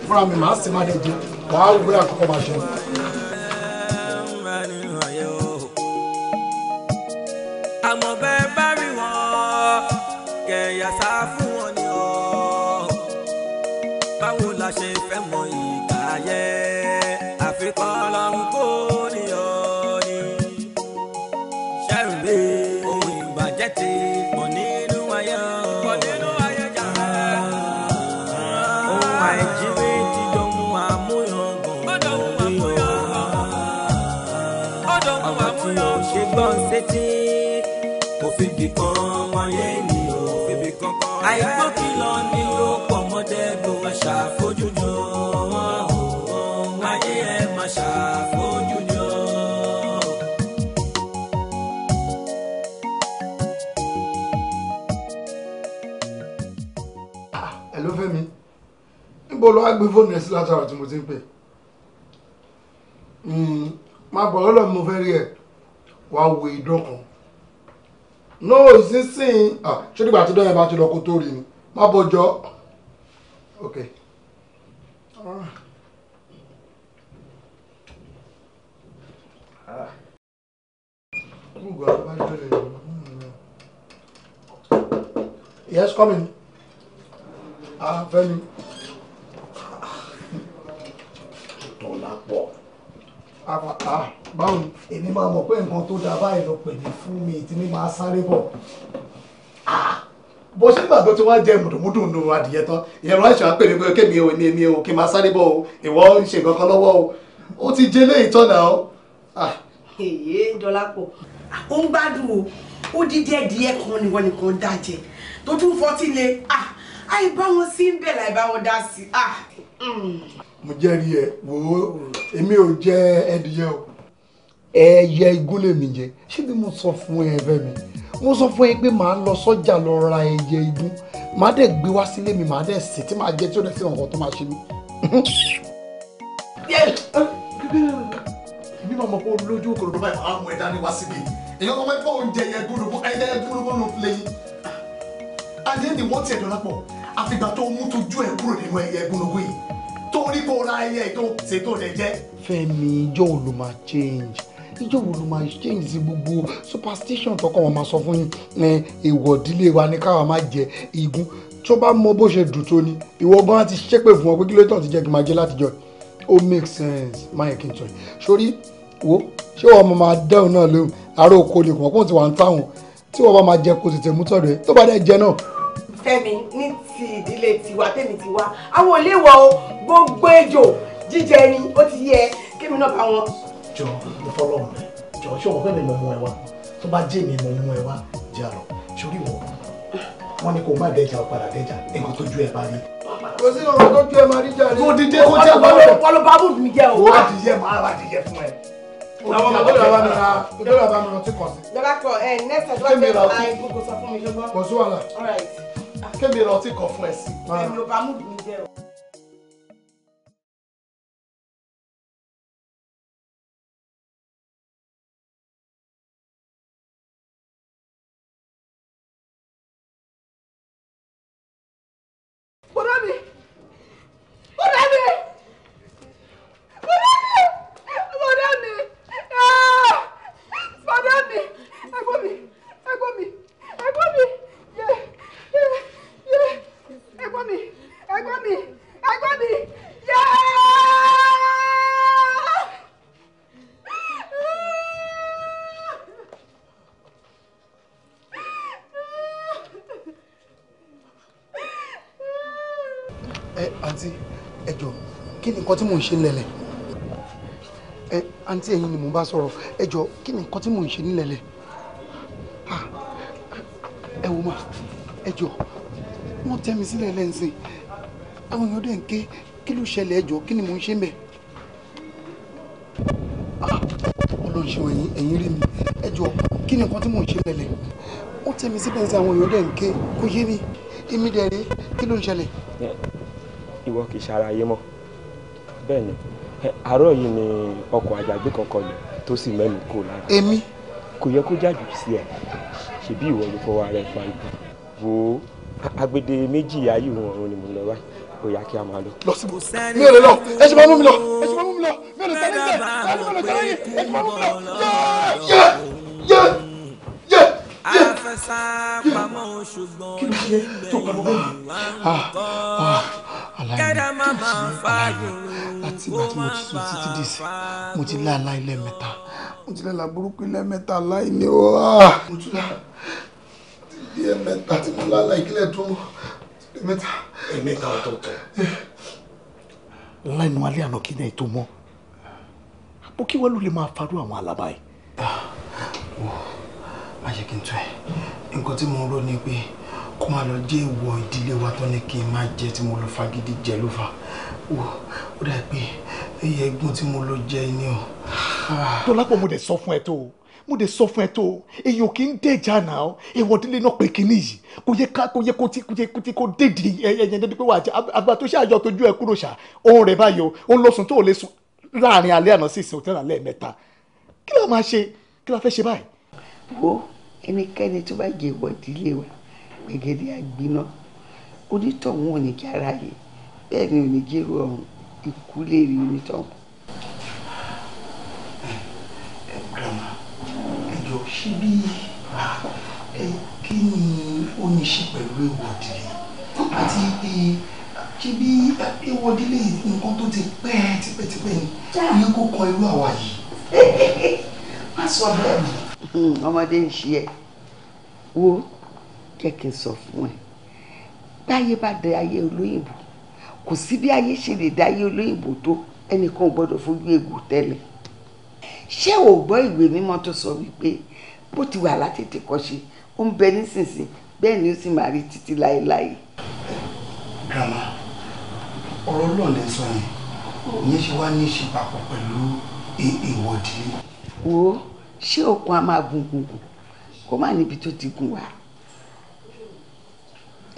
fúnra mi màá sì máa dẹ̀jẹ̀ wàá wò bí àkọ́kọ́ máa ṣẹlẹ̀. àmọ́ bẹ́ẹ̀ bá rí wọn kẹ̀yà sáfù. fetí. òfin bìkan wáyé ni o. òfin bìkan kan rẹ̀. àìgbọ́ kìlọ̀ ni ó pọ̀ mọ́dé bó ma ṣàfojújọ. ayé ẹ ma ṣàfojújọ. ẹ ah, ló fẹ́ mi níbo ló wá gbé fóònù ẹ sí látara tí mo ti ń pè hmm, má bọ̀ lọ́dọ̀ mo fẹ́ rí ẹ wàá wo idán kan náà sísìn ṣé nígbà tí dán yẹn bá ti lọ kó tó rí ni má bọjọ ok. Ah. Yes, coming. Ah, very. Tọ́lá pọ̀ àpàtà báwo èmi máa mọ̀ pé nǹkan tó dáa báyìí lọ pèlè fún mi tí mi máa sáré bọ̀ bó ṣe gbà tó ti wá jẹ mùdùmùdù nu adìyẹ tán ìyẹn ránṣẹ́ wá pè mí pé kémi ò ní èmi o kí n máa sáré bọ̀ o ìwọ ń ṣe nǹkan kan lọ́wọ́ o ó ti jẹ lé ìtọ́nà o. èyí dọlápọ̀ ó ń gbádùn o ó dídí ẹdìyẹ kan ni wọn nìkan dá jẹ tó tún fọtí le àìbá wọn sí ń bẹ̀ láìbá wọn dá sí i mo jẹ́rìí ẹ wò ó èmi ò jẹ ẹdìyẹ o ẹyẹ igún lèmi jẹ ṣé bí mo sọ fún ẹ bẹ́ẹ̀ mi mo sọ fún ẹ pé màá lọ sọ́jà lọ ra ẹyẹ igún màá dẹ̀ gbé wá sílé mi màá dẹ̀ sè tí màá jẹ tí ó dẹ̀ sí ọ̀kan tó máa ṣe mí. èmi náà mọ̀ pé olójú òkòrò tó báyìí àwọn ẹ̀dá ni wá síbi èèyàn kan mẹ́fọ́ oúnjẹ yẹn gbúdúgbú ẹ̀dá yẹn gbúdúgbú ló fi léyìn. adé ni wọ́n ti ẹ̀dọ́ lápọ̀ àfìgbà tó mú tójú ẹ̀ kúrò nínú ẹ̀yẹ gbúdúgbú yìí torí kò ra ẹyẹ ètò ṣètò rẹ̀ jẹ́. Fẹ́mi ìjọ wo ló máa change ìjọ wo ló máa change sí gbogbo superstition tọkọ wọn máa sọ fún yín èèwọ̀ ìdílé wa ní káwa máa jẹ igun tó bá mọ bó ṣe dùn tó ni ìwọ gan á ti ṣépè fún ọ pé kí ló tàn ti jẹ kí n máa jẹ látijọ́ ó make sense má yẹ kí n tọ́ yìí sórí wo ṣé wọn máa dẹ́hùn náà lóhùn àárọ̀ oko lè kàn pọ̀ tí wà ń táwọn tí wọn bá máa jẹ kó tètè mú tọ̀dọ̀ ẹ tó bá dẹ̀ jẹ náà Fẹ́mi ní ti ìdílé tiwa tèmi ti wá àwọn òléwọ gbogbo ejò jíjẹ ni ó ti yẹ kémi náà bá wọn. jọ ìfọlọ́run jọ ṣé òun fẹ́mi mọ̀ mú ẹ wá tó bá jẹ́ mi mọ̀ mú ẹ wá jà lọ sórí wọn wọn ni kò má dẹjà ó padà dẹjà nǹkan tójú ẹ bá rí. kò sí ọ̀rọ̀ tójú ẹ máa rí jà ní. kò dìde kó jẹ́ bọ́lọ̀. wọ́n bá bùn mi jẹ́ o. wọ́n á dìyẹ máa ra dìyẹ fún ẹ àwọn ọmọ dọ́là bá mi ra dọ́là bá mi ra ọtí kan sí. dọ́là kọ ẹ nẹ́sẹ̀ dọ́là bá mi ra ọtí kò sọ fún mi ṣùgbọ́n. kò sí wàhálà kémi rántí kan fún ẹ sí. èmi ò mú bùnmi jẹ́ o. nǹkan tí mò ń ṣe nílẹ̀lẹ̀ ẹ àǹtí ẹ̀yin ni mò ń bá sọ̀rọ̀ ẹ jọ kí ni nǹkan tí mò ń ṣe nílẹ̀lẹ̀ ẹ wò má ẹ jọ wọ́n tẹ́ mi sílẹ̀ lẹ́ǹsìn àwọn èèyàn dẹ̀ ń ké kí ló ṣẹlẹ̀ ẹ jọ kí ni mò ń ṣe mẹ́ ọlọ́run ṣe ẹ̀yìn ẹ̀yìn rí mi ẹ jọ kí ni nǹkan tí mò ń ṣe nílẹ̀lẹ̀ wọ́n tẹ́ mi síbẹ̀ sí àwọn èèyàn dẹ̀ ń ké kó yé mi èmi dẹ̀ rí kí ló ń ṣẹlẹ̀. ìwọ kì í ṣe ara yé mọ́ bẹ́ẹ̀ ni àárọ̀ yìí ni ọkọ̀ àjàgbé kankan lò tó sì mẹ́nu kó lára. èmi. kò yẹ kó jáde sí ẹ ṣebí ìwọ ló fọwọ́ ara fa ibi wo agbede méjì ayé òun ọ̀run ni mo lọ wá ó yá kí a máa lọ. lọ síbò mi ò lè lọ ẹ ṣe máa mú mi lọ ẹ ṣe máa mú mi lọ mi ò lè sáré sẹ ẹ ṣe máa lọ sáré yìí ẹ ṣe mú mi lọ yẹ yẹ yẹ yẹ afẹsà pamọ́ ṣùgbọ́n nígbẹ̀yìn wà ń kọ́ kẹ́dà má máa fa yòrò láti ìgbà tí mo ti sùn títí dì sí mo ti láàlá ilé mẹ́ta mo ti láàlá burúkú ilé mẹ́ta láì ní o ah! mo ti lá ilé mẹ́ta tí mo láàlá ìkílẹ̀ tó ilé mẹ́ta. ẹ̀mẹ́ta ọ̀tọ̀ọ̀tọ̀. láì nu alẹ́ àná kí ni ètò mọ́ àpò kí wọ́n ló lè máa farú àwọn àlàbà yìí. Ah! wò má ṣe kí n tún ẹ nǹkan tí mo rò ni pé kó máa lọ jẹ́ ìwọ ìdílé wa tó ní kí n máa jẹ tí mo lọ fagídí jẹ ló fà dà pé ẹyẹ ẹ̀gbọ́n tí mo lọ jẹ ni o. tọ́lápọ̀ mo dẹ̀ sọ fún ẹ tó o mo dẹ̀ sọ fún ẹ tó o èèyàn kì í dẹ̀jà náà èèwọ̀ délé náà pé kínní yìí kò yẹ ká kò yẹ kó ti kò yẹ kó ti kó dédì ẹyẹ dédì pé wà á jẹ àgbà tó ṣáàjọ tójú ẹ kúrò ṣá òun rẹ báyọ ó lọ sùn tó ò lè sùn láàrin alẹ́ àná sí ìsìn òtún àlẹ́ mẹ́ta kí ló máa ṣe kí ló fẹ́ ṣe báyìí. wo ẹnikẹ́ni tó bá jẹ ìwọ ìdílé wa gbẹ̀gẹ́dẹ́ àgbiná onítọ̀hún ò ní kí ara yìí bẹ́ẹ̀ ni ò ní jẹ́rú ọ̀hún ikú lè rí onítọ̀hún. ẹ girama ẹjọ ṣí bí ẹ kí ni ó ní ṣe pẹ̀lú ewu òdìlẹ̀ àti ṣí bí ewu òdìlẹ̀ nǹkan tó ti pẹ́ tipẹ́tipẹ́ ni iye kó kan irú àwa yìí má sọ bẹ́ẹ̀ mọ́. Hmm, ọmọdé ń ṣe ẹ wo jẹ́ kí n sọ fún ẹ táyé bá dé ayé olóyìnbó kò sí bí ayé ṣe lè dáyé olóyìnbó tó ẹnìkan ò gbọ́dọ̀ fojú egbò tẹ́lẹ̀ ṣé ò gbọ́ ìwé mímọ́ tó sọ wípé bó ti wà látètè kọ́ṣe ó ń bẹ nísinsìn bẹ́ẹ̀ ni ó sì máa rí títí láéláé. grandma ọ̀rọ̀ náà lè sọ yẹn ìyẹn ṣe wá ní ṣe papọ̀ pẹ̀lú ìwọ́de. wo ṣé okun a máa gun gungun kó má níbi tó ti gun wa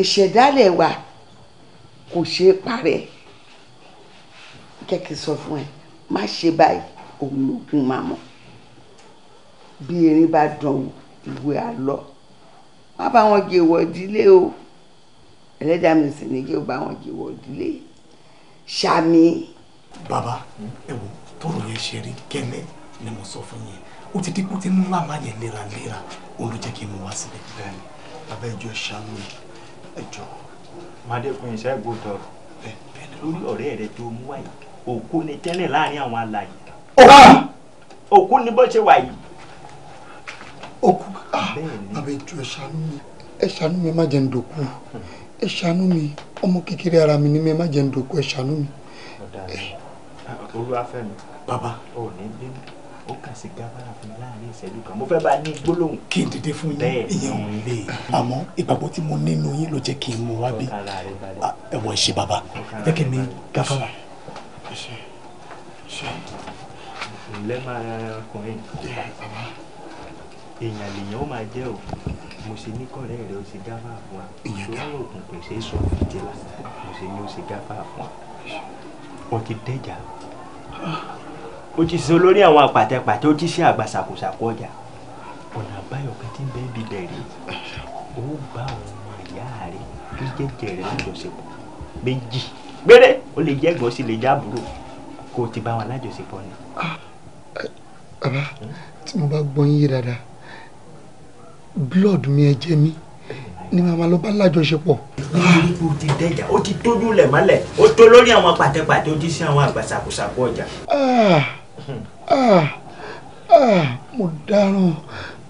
ìṣẹ̀dálẹ̀ wa kò ṣeé parẹ́ jẹ́ kí n sọ fún ẹ má ṣe báyìí òun lògùn máa mọ̀ bí erin bá dán ìwé àlọ́ má bá wọn jẹ ìwọ ìdílé o ẹlẹ́dàá mi sì ní kí o bá wọn jẹ ìwọ ìdílé ṣàmì. bàbá ẹ wo tọrọ yẹn ṣe rí gẹ́lẹ́ ni mo sọ fún yín ó ti dínkù tí ńlá máa yẹn léraléra ó ló wá síbẹ̀. bẹ́ẹ̀ni abẹ́jọ́ ṣàánú ẹjọ́. Mádékun iṣẹ́ gbọ́dọ̀ lórí ọ̀rẹ́ rẹ tó mú wáyé òkú ni tẹ́lẹ̀ láàrin àwọn alàyè. òkú ni bó ṣe wà yìí. òkú ah, bàbá ètò ẹ ṣàánú mi ẹ ṣàánú mi má jẹ́ ń dòkú ẹ ṣàánú mi ọmọ kékeré ara mi ni mi má jẹ́ ń dòkú ẹ ṣàánú mi. olúwàfẹ́ mi bàbá ò ní bínú ó kà sí gábàrà fún mi láàrin ìṣẹ́jú kan mo fẹ́ bá ní gbólóhùn. kí n dìde fún yín ìyẹn ò lè àmọ́ ìgbàgbọ́ tí mo nínú yín ló jẹ́ kí n mú wá bí ẹ̀wọ̀n ah, ìṣe bàbá jẹ́ mi gábàrà. ǹlẹ́ èèyàn lèèyàn ó máa jẹ́ o mo ṣe ní kọ́rẹ́ rẹ̀ ó ṣe gáfàá fún wa ìṣòro oògùn kò ṣeé sọ fìdílà mo ṣe ní ó ṣe gáfàá fún wa wọ́n ti dẹ́jà. Ah ó ti ṣe olórí àwọn àpàtẹpàtẹ ó ti ṣe àgbà ṣàkóṣàkó ọjà ọ̀nà àbáyọ kan tí ń bẹ́ẹ̀ bí bẹ̀rẹ̀ ó bá ọmọ ìyá rẹ tó jẹ́jẹ́ rẹ lọ́jọ́sẹ̀pọ̀ méjì gbére ó lè jẹ́ ẹ̀gbọ́n sí lè jẹ́ àbúrò kó o ti bá wọn lájọṣepọ̀ ni. bàbá tí mo bá gbọ́ yín dáadáa blood mi ẹ̀jẹ̀ mi ni màmá ló bá lájọṣepọ̀. o ti dẹjà o ti tójú lẹ̀ mọ́lẹ̀ o tó lórí àwọn pàtẹ́pàtẹ́ o ti sí àwọn àgbàsàkòsàkò ọjà. Ah! ah ah mo dáràn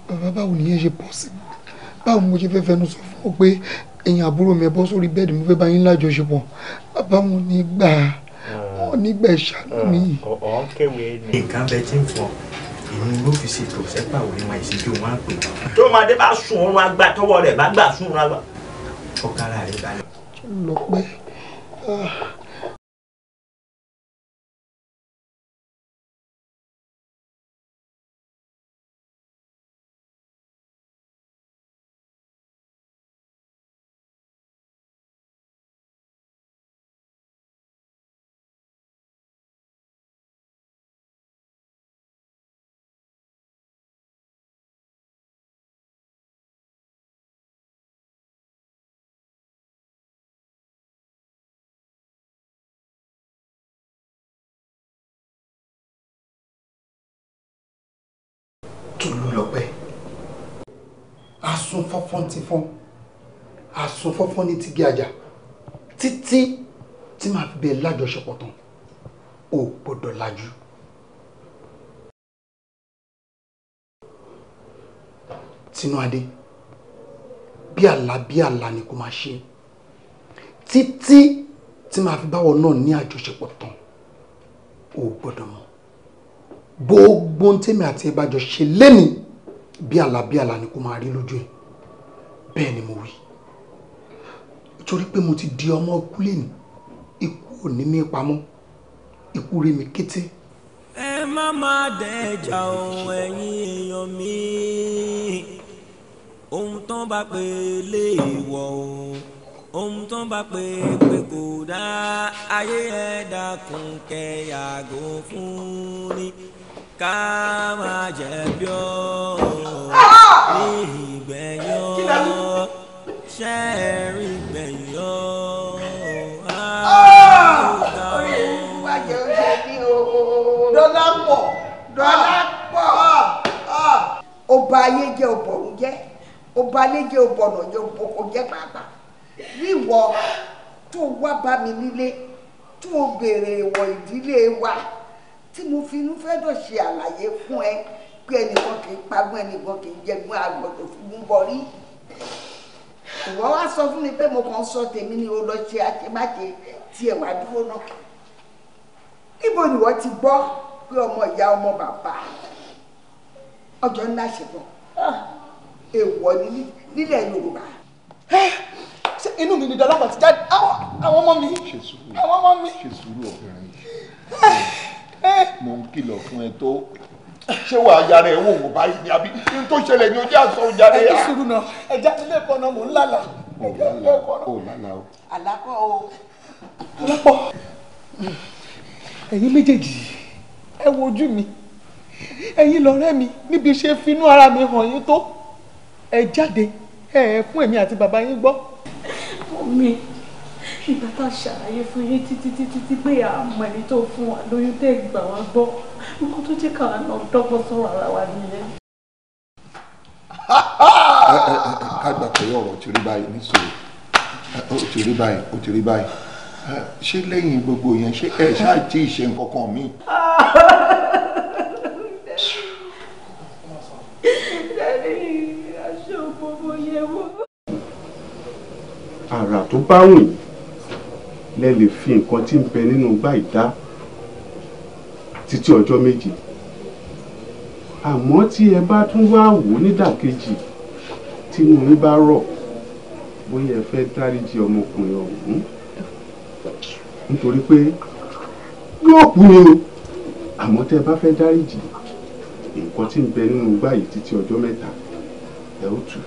bàbá báwo nìyẹn ṣe possible báwo mo ṣe fẹ́ fẹnu sọ fún ọ pé ẹ̀yin àbúrò mi ẹ bọ́ sórí bẹ́ẹ̀dì mo fẹ́ bá yín lájọṣepọ̀ bàbá wọn ní gbà wọn ní gbà ìṣàánú mi. Ah, ọ̀ọ́ kẹwé ni. nǹkan bẹ tí ń fọ èmi ló fi ṣètò sẹ́pà òní wọn èsì bí wọ́n á pè. tó ọmọdé bá sun oorun agbá tọwọ́ rẹ̀ bá gbà sun oorun agbá. ọkàrà rẹ̀ balẹ̀. lọ́pẹ́ ah, asun fọ́fọ́n ti fọ́n asun fọ́fọ́n ní ti gé ajá títí tí màá fi bẹ́ẹ̀ lájọṣepọ̀ tán ò gbọ́dọ̀ lajú. Tinúadé bí àlá bí àlá ni kò máa ṣe títí tí màá fi báwọ náà ní àjọṣepọ̀ tán ò gbọ́dọ̀ mọ̀ gbogbo ohun àti ẹ ṣe lénìí bí àlá bí àlá ni kò máa rí lójú ẹ̀ bẹ́ẹ̀ ni mo wí torí pé mo ti di ọmọ ọkúlé ni ikú ò ní mí pamọ́ ikú rẹ̀ mi kété. ẹ má máa dẹjà ohun ẹ̀yin èèyàn mi ohun tán bá pè léèwọ̀ o ohun tán bá pè pé kò dá ayé ẹ dákun kẹ yàgò fún ni ká máa jẹ̀bi ọ́ ní ìgbẹ̀yìn ṣe rí gbẹ̀yìn o. orí ìwà jẹ́ oúnjẹ bí o. dọ́là pọ̀ dọ́là pọ̀. ọba ayé jẹ́ ọ̀bọ̀n jẹ́ ọba ayé jẹ́ ọ̀bọ̀n ọ̀jẹ̀ ọ̀bọ̀n jẹ́ pàápàá ní ìwọ tó wá bá mi nílé tó o béèrè ìwọ ìdílé wa tí mo fi inú fẹ́ dọ̀ ṣe àlàyé fún ẹ pé ẹnìkan kì í pagbọ́n ẹnìkan kì í jẹgbọ́n àgbọ̀dọ̀ fún bọ́ rí ìwọ wá sọ fún mi pé mo kàn sọ tèmi ni o lọ ṣe àṣemáṣe tiẹ̀ wá dúró náà níbo ni wọ́n ti gbọ́ pé ọmọ ìyá ọmọ bàbá ọjọ́ ńlá ṣẹ̀bọ̀ ah. èèwọ̀ ni nílẹ̀ Yorùbá. ṣé inú mi ni dọlọ́pàá ti jáde àwọn ọmọ mi àwọn ọmọ mi. ṣe sùúrù ọkùnrin mo ń kìlọ̀ fún ẹ tó ṣé wàá yára ẹ̀ wò wò báyìí ni àbí n tó ṣẹlẹ̀ ni ojú àṣọ ọjà rẹ̀ yà. ẹ̀jẹ̀ sùúrù náà ẹ̀jẹ̀ ilé ẹ̀kọ́ náà mò ń lálà. ò lálà o. àlákọ̀ o. alápọ̀ ẹ̀yin méjèèjì ẹ wo ojú mi ẹ̀yin lọ́rẹ́ mi níbi ṣe finú ara mi hàn yín tó ẹ jáde ẹ fún èmi àti bàbá yín gbọ́. omi ìgbà tá a ṣàlàyé fún yín títí títí tí pé àmọ́ ẹni tó fún wa lóyún tẹ́ gbà wá gbọ́ nǹkan tó jẹ́ káwa náà dọ́gbọ́n sọ̀rọ̀ ara wa nìyẹn. ká gbà pé ọ̀rọ̀ ti rí báyìí nísòro ó ti rí báyìí ó ti rí báyìí ṣé lẹ́yìn gbogbo yẹn ṣé ẹ ṣáà tí ì ṣe nǹkan kan míì. tó bá wù lẹ lè fi nǹkan tí ń bẹ nínú gbá ìdá títí ọjọ́ méje àmọ́ tí ẹ bá tún wá wò nídàkejì tí mo ń bá rọ̀ bóyá ẹ fẹ́ dáríjì ọmọkùnrin ọ̀hún nítorí pé yóò kú ni o àmọ́ tẹ́ ẹ bá fẹ́ dáríjì nǹkan tí ń bẹ nínú gbá yìí títí ọjọ́ mẹ́ta ẹ ó tù.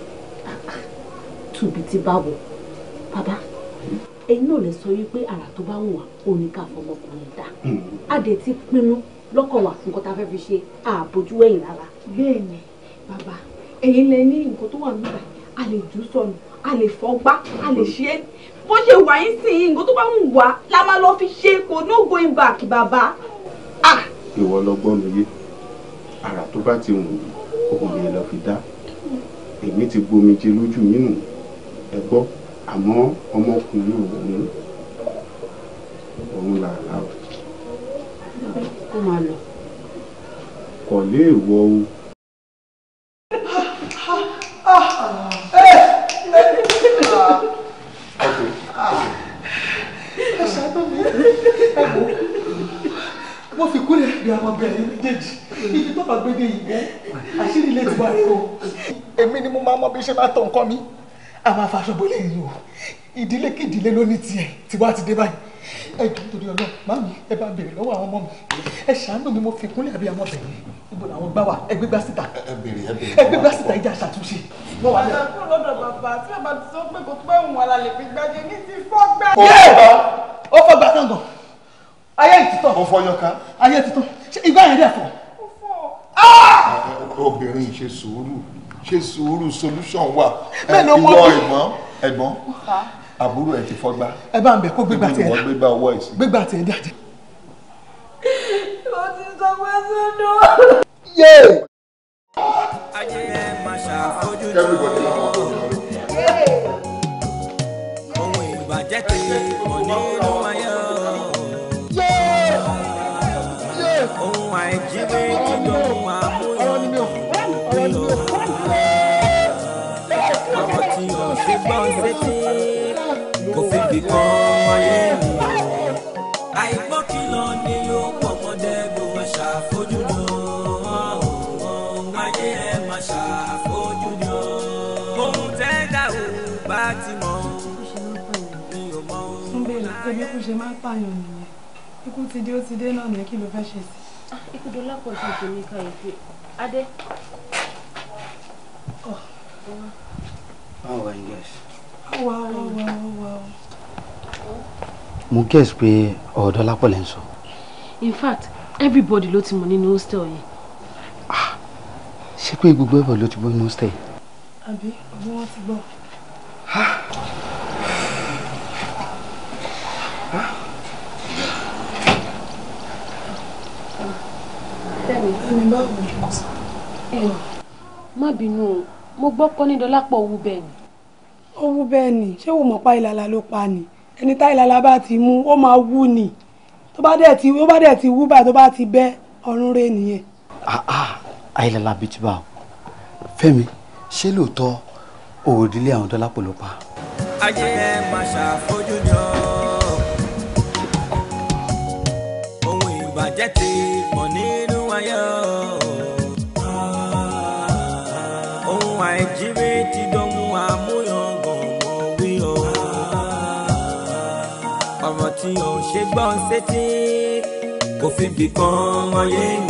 tùbí ti bá wò bàbá ẹ̀yin náà lè sọ wípé àrà tó bá wù wá òní ká fọmọkùnrin dá hmm. a dẹ̀ ti pinnu lọ́kàn wà fún nǹkan tá a fẹ́ fi ṣe àbójú ẹ̀yìn rárá. bẹ́ẹ̀ ni bàbá ẹ̀yin lẹ ní nǹkan tó wà nígbà a lè jù sọnù a lè fọgbá a lè ṣe é bó ṣe wà yín sí i nǹkan tó bá ń wà la máa lọ fi ṣe kò no going back bàbá. ìwọ lọ gbọ́ mi yé àrà tó bá ti wù òun lè lọ fi dá èmi ti gbomi jẹ lójú mi nù ẹ gbọ́ àmọ́ ọmọkùnrin òun òun là á. kó máa lọ. kò lè wọ o. wọ́n fi kúrẹ́ bí àwọn ọbẹ̀ yìí méjèèjì ibi tó bá gbé dé yìí àṣírí ilé ti wá rí o. èmi ni mo máa mọ bí ṣe máa tọ̀ nǹkan mi a máa faṣọ bolé yìí o ìdílé kí ìdílé ló ní tiẹ̀ tí wàá ti dé báyìí ẹ jọ nítorí Ọlọ́run màmí ẹ bá béèrè lọ́wọ́ àwọn ọmọ mi ẹ ṣàánú mi mo fi kúnlẹ̀ àbí àwọn ọbẹ ibo làwọn gbá wa ẹ gbé gbá síta ẹ gbé gbá síta ìjà ṣàtúnṣe. bàbá kúrò lọ́dọ̀ bàbá tí bàbá ti sọ pé kò pé òun wà lálẹ́ fi gbájẹ ní ti fọ́ gbá. ó fọ́ gbá sàngàn ayé ìtítọ́ ó fọ́ yọká ayé ìtítọ́ ṣé ìgbà yẹn dẹ̀ fọ́. ó fọ́. Ah! ṣe sùúrù solution wà ìwọ ìmọ̀ ẹ̀gbọ́n àbúrò ẹ̀ ti fọ́gbá. ẹ bá ń bẹ̀ kó gbégbá tiẹ̀ dá gbégbá ọwọ́ ẹ̀ sí. gbégbá tiẹ̀ dá jẹ́. mo ti sọ pé sódò. yé. ayé ẹ máa ṣàfojúsùn. ohun ìbàjẹ́ kiri. bí kú ṣe máa ń pààyàn nìyẹn ikú ti dé ó ti dé náà ní kí ló fẹ́ ṣe sí. Ah, ikú dọlá pọ̀ ju tèmi kàyéfì adé. báwo wá ń gẹ̀ẹ́sì. wá wá wá wá wá. mo gẹ̀ẹ́sì pé ọ̀dọ́ lápọ̀ lẹ́ ń sọ. in fact everybody ló ti mọ̀ nínú hostel yìí. Ah, ṣé pé gbogbo ẹ̀bọ̀ ló ti gbọ́ nínú hostel yìí. àbí ọmọ wọn ti gbọ́. Ah! má bínú o mo gbọ́ pọ́ ní dọ́lápọ̀ owó bẹ́ẹ̀ ni. owó bẹ́ẹ̀ ni ṣé wò mọ̀ pa ìlàlà ló pa ni ẹni tá ìlàlà bá ti mú ó máa wú ni tó bá dẹ̀ ti ó bá dẹ̀ ti wú báyìí tó bá ti bẹ́ ọ̀run rẹ̀ nìyẹn. Ah, ah, àìlàlà bíi ti bá o fẹ́mi ṣé lóòótọ́ òòdílé àwọn dọ́lápọ̀ ló pa. ayé ẹ máa ṣàfojúdi tí ò ṣe gbọ́n sétí kò bìkan wọ́n yé ń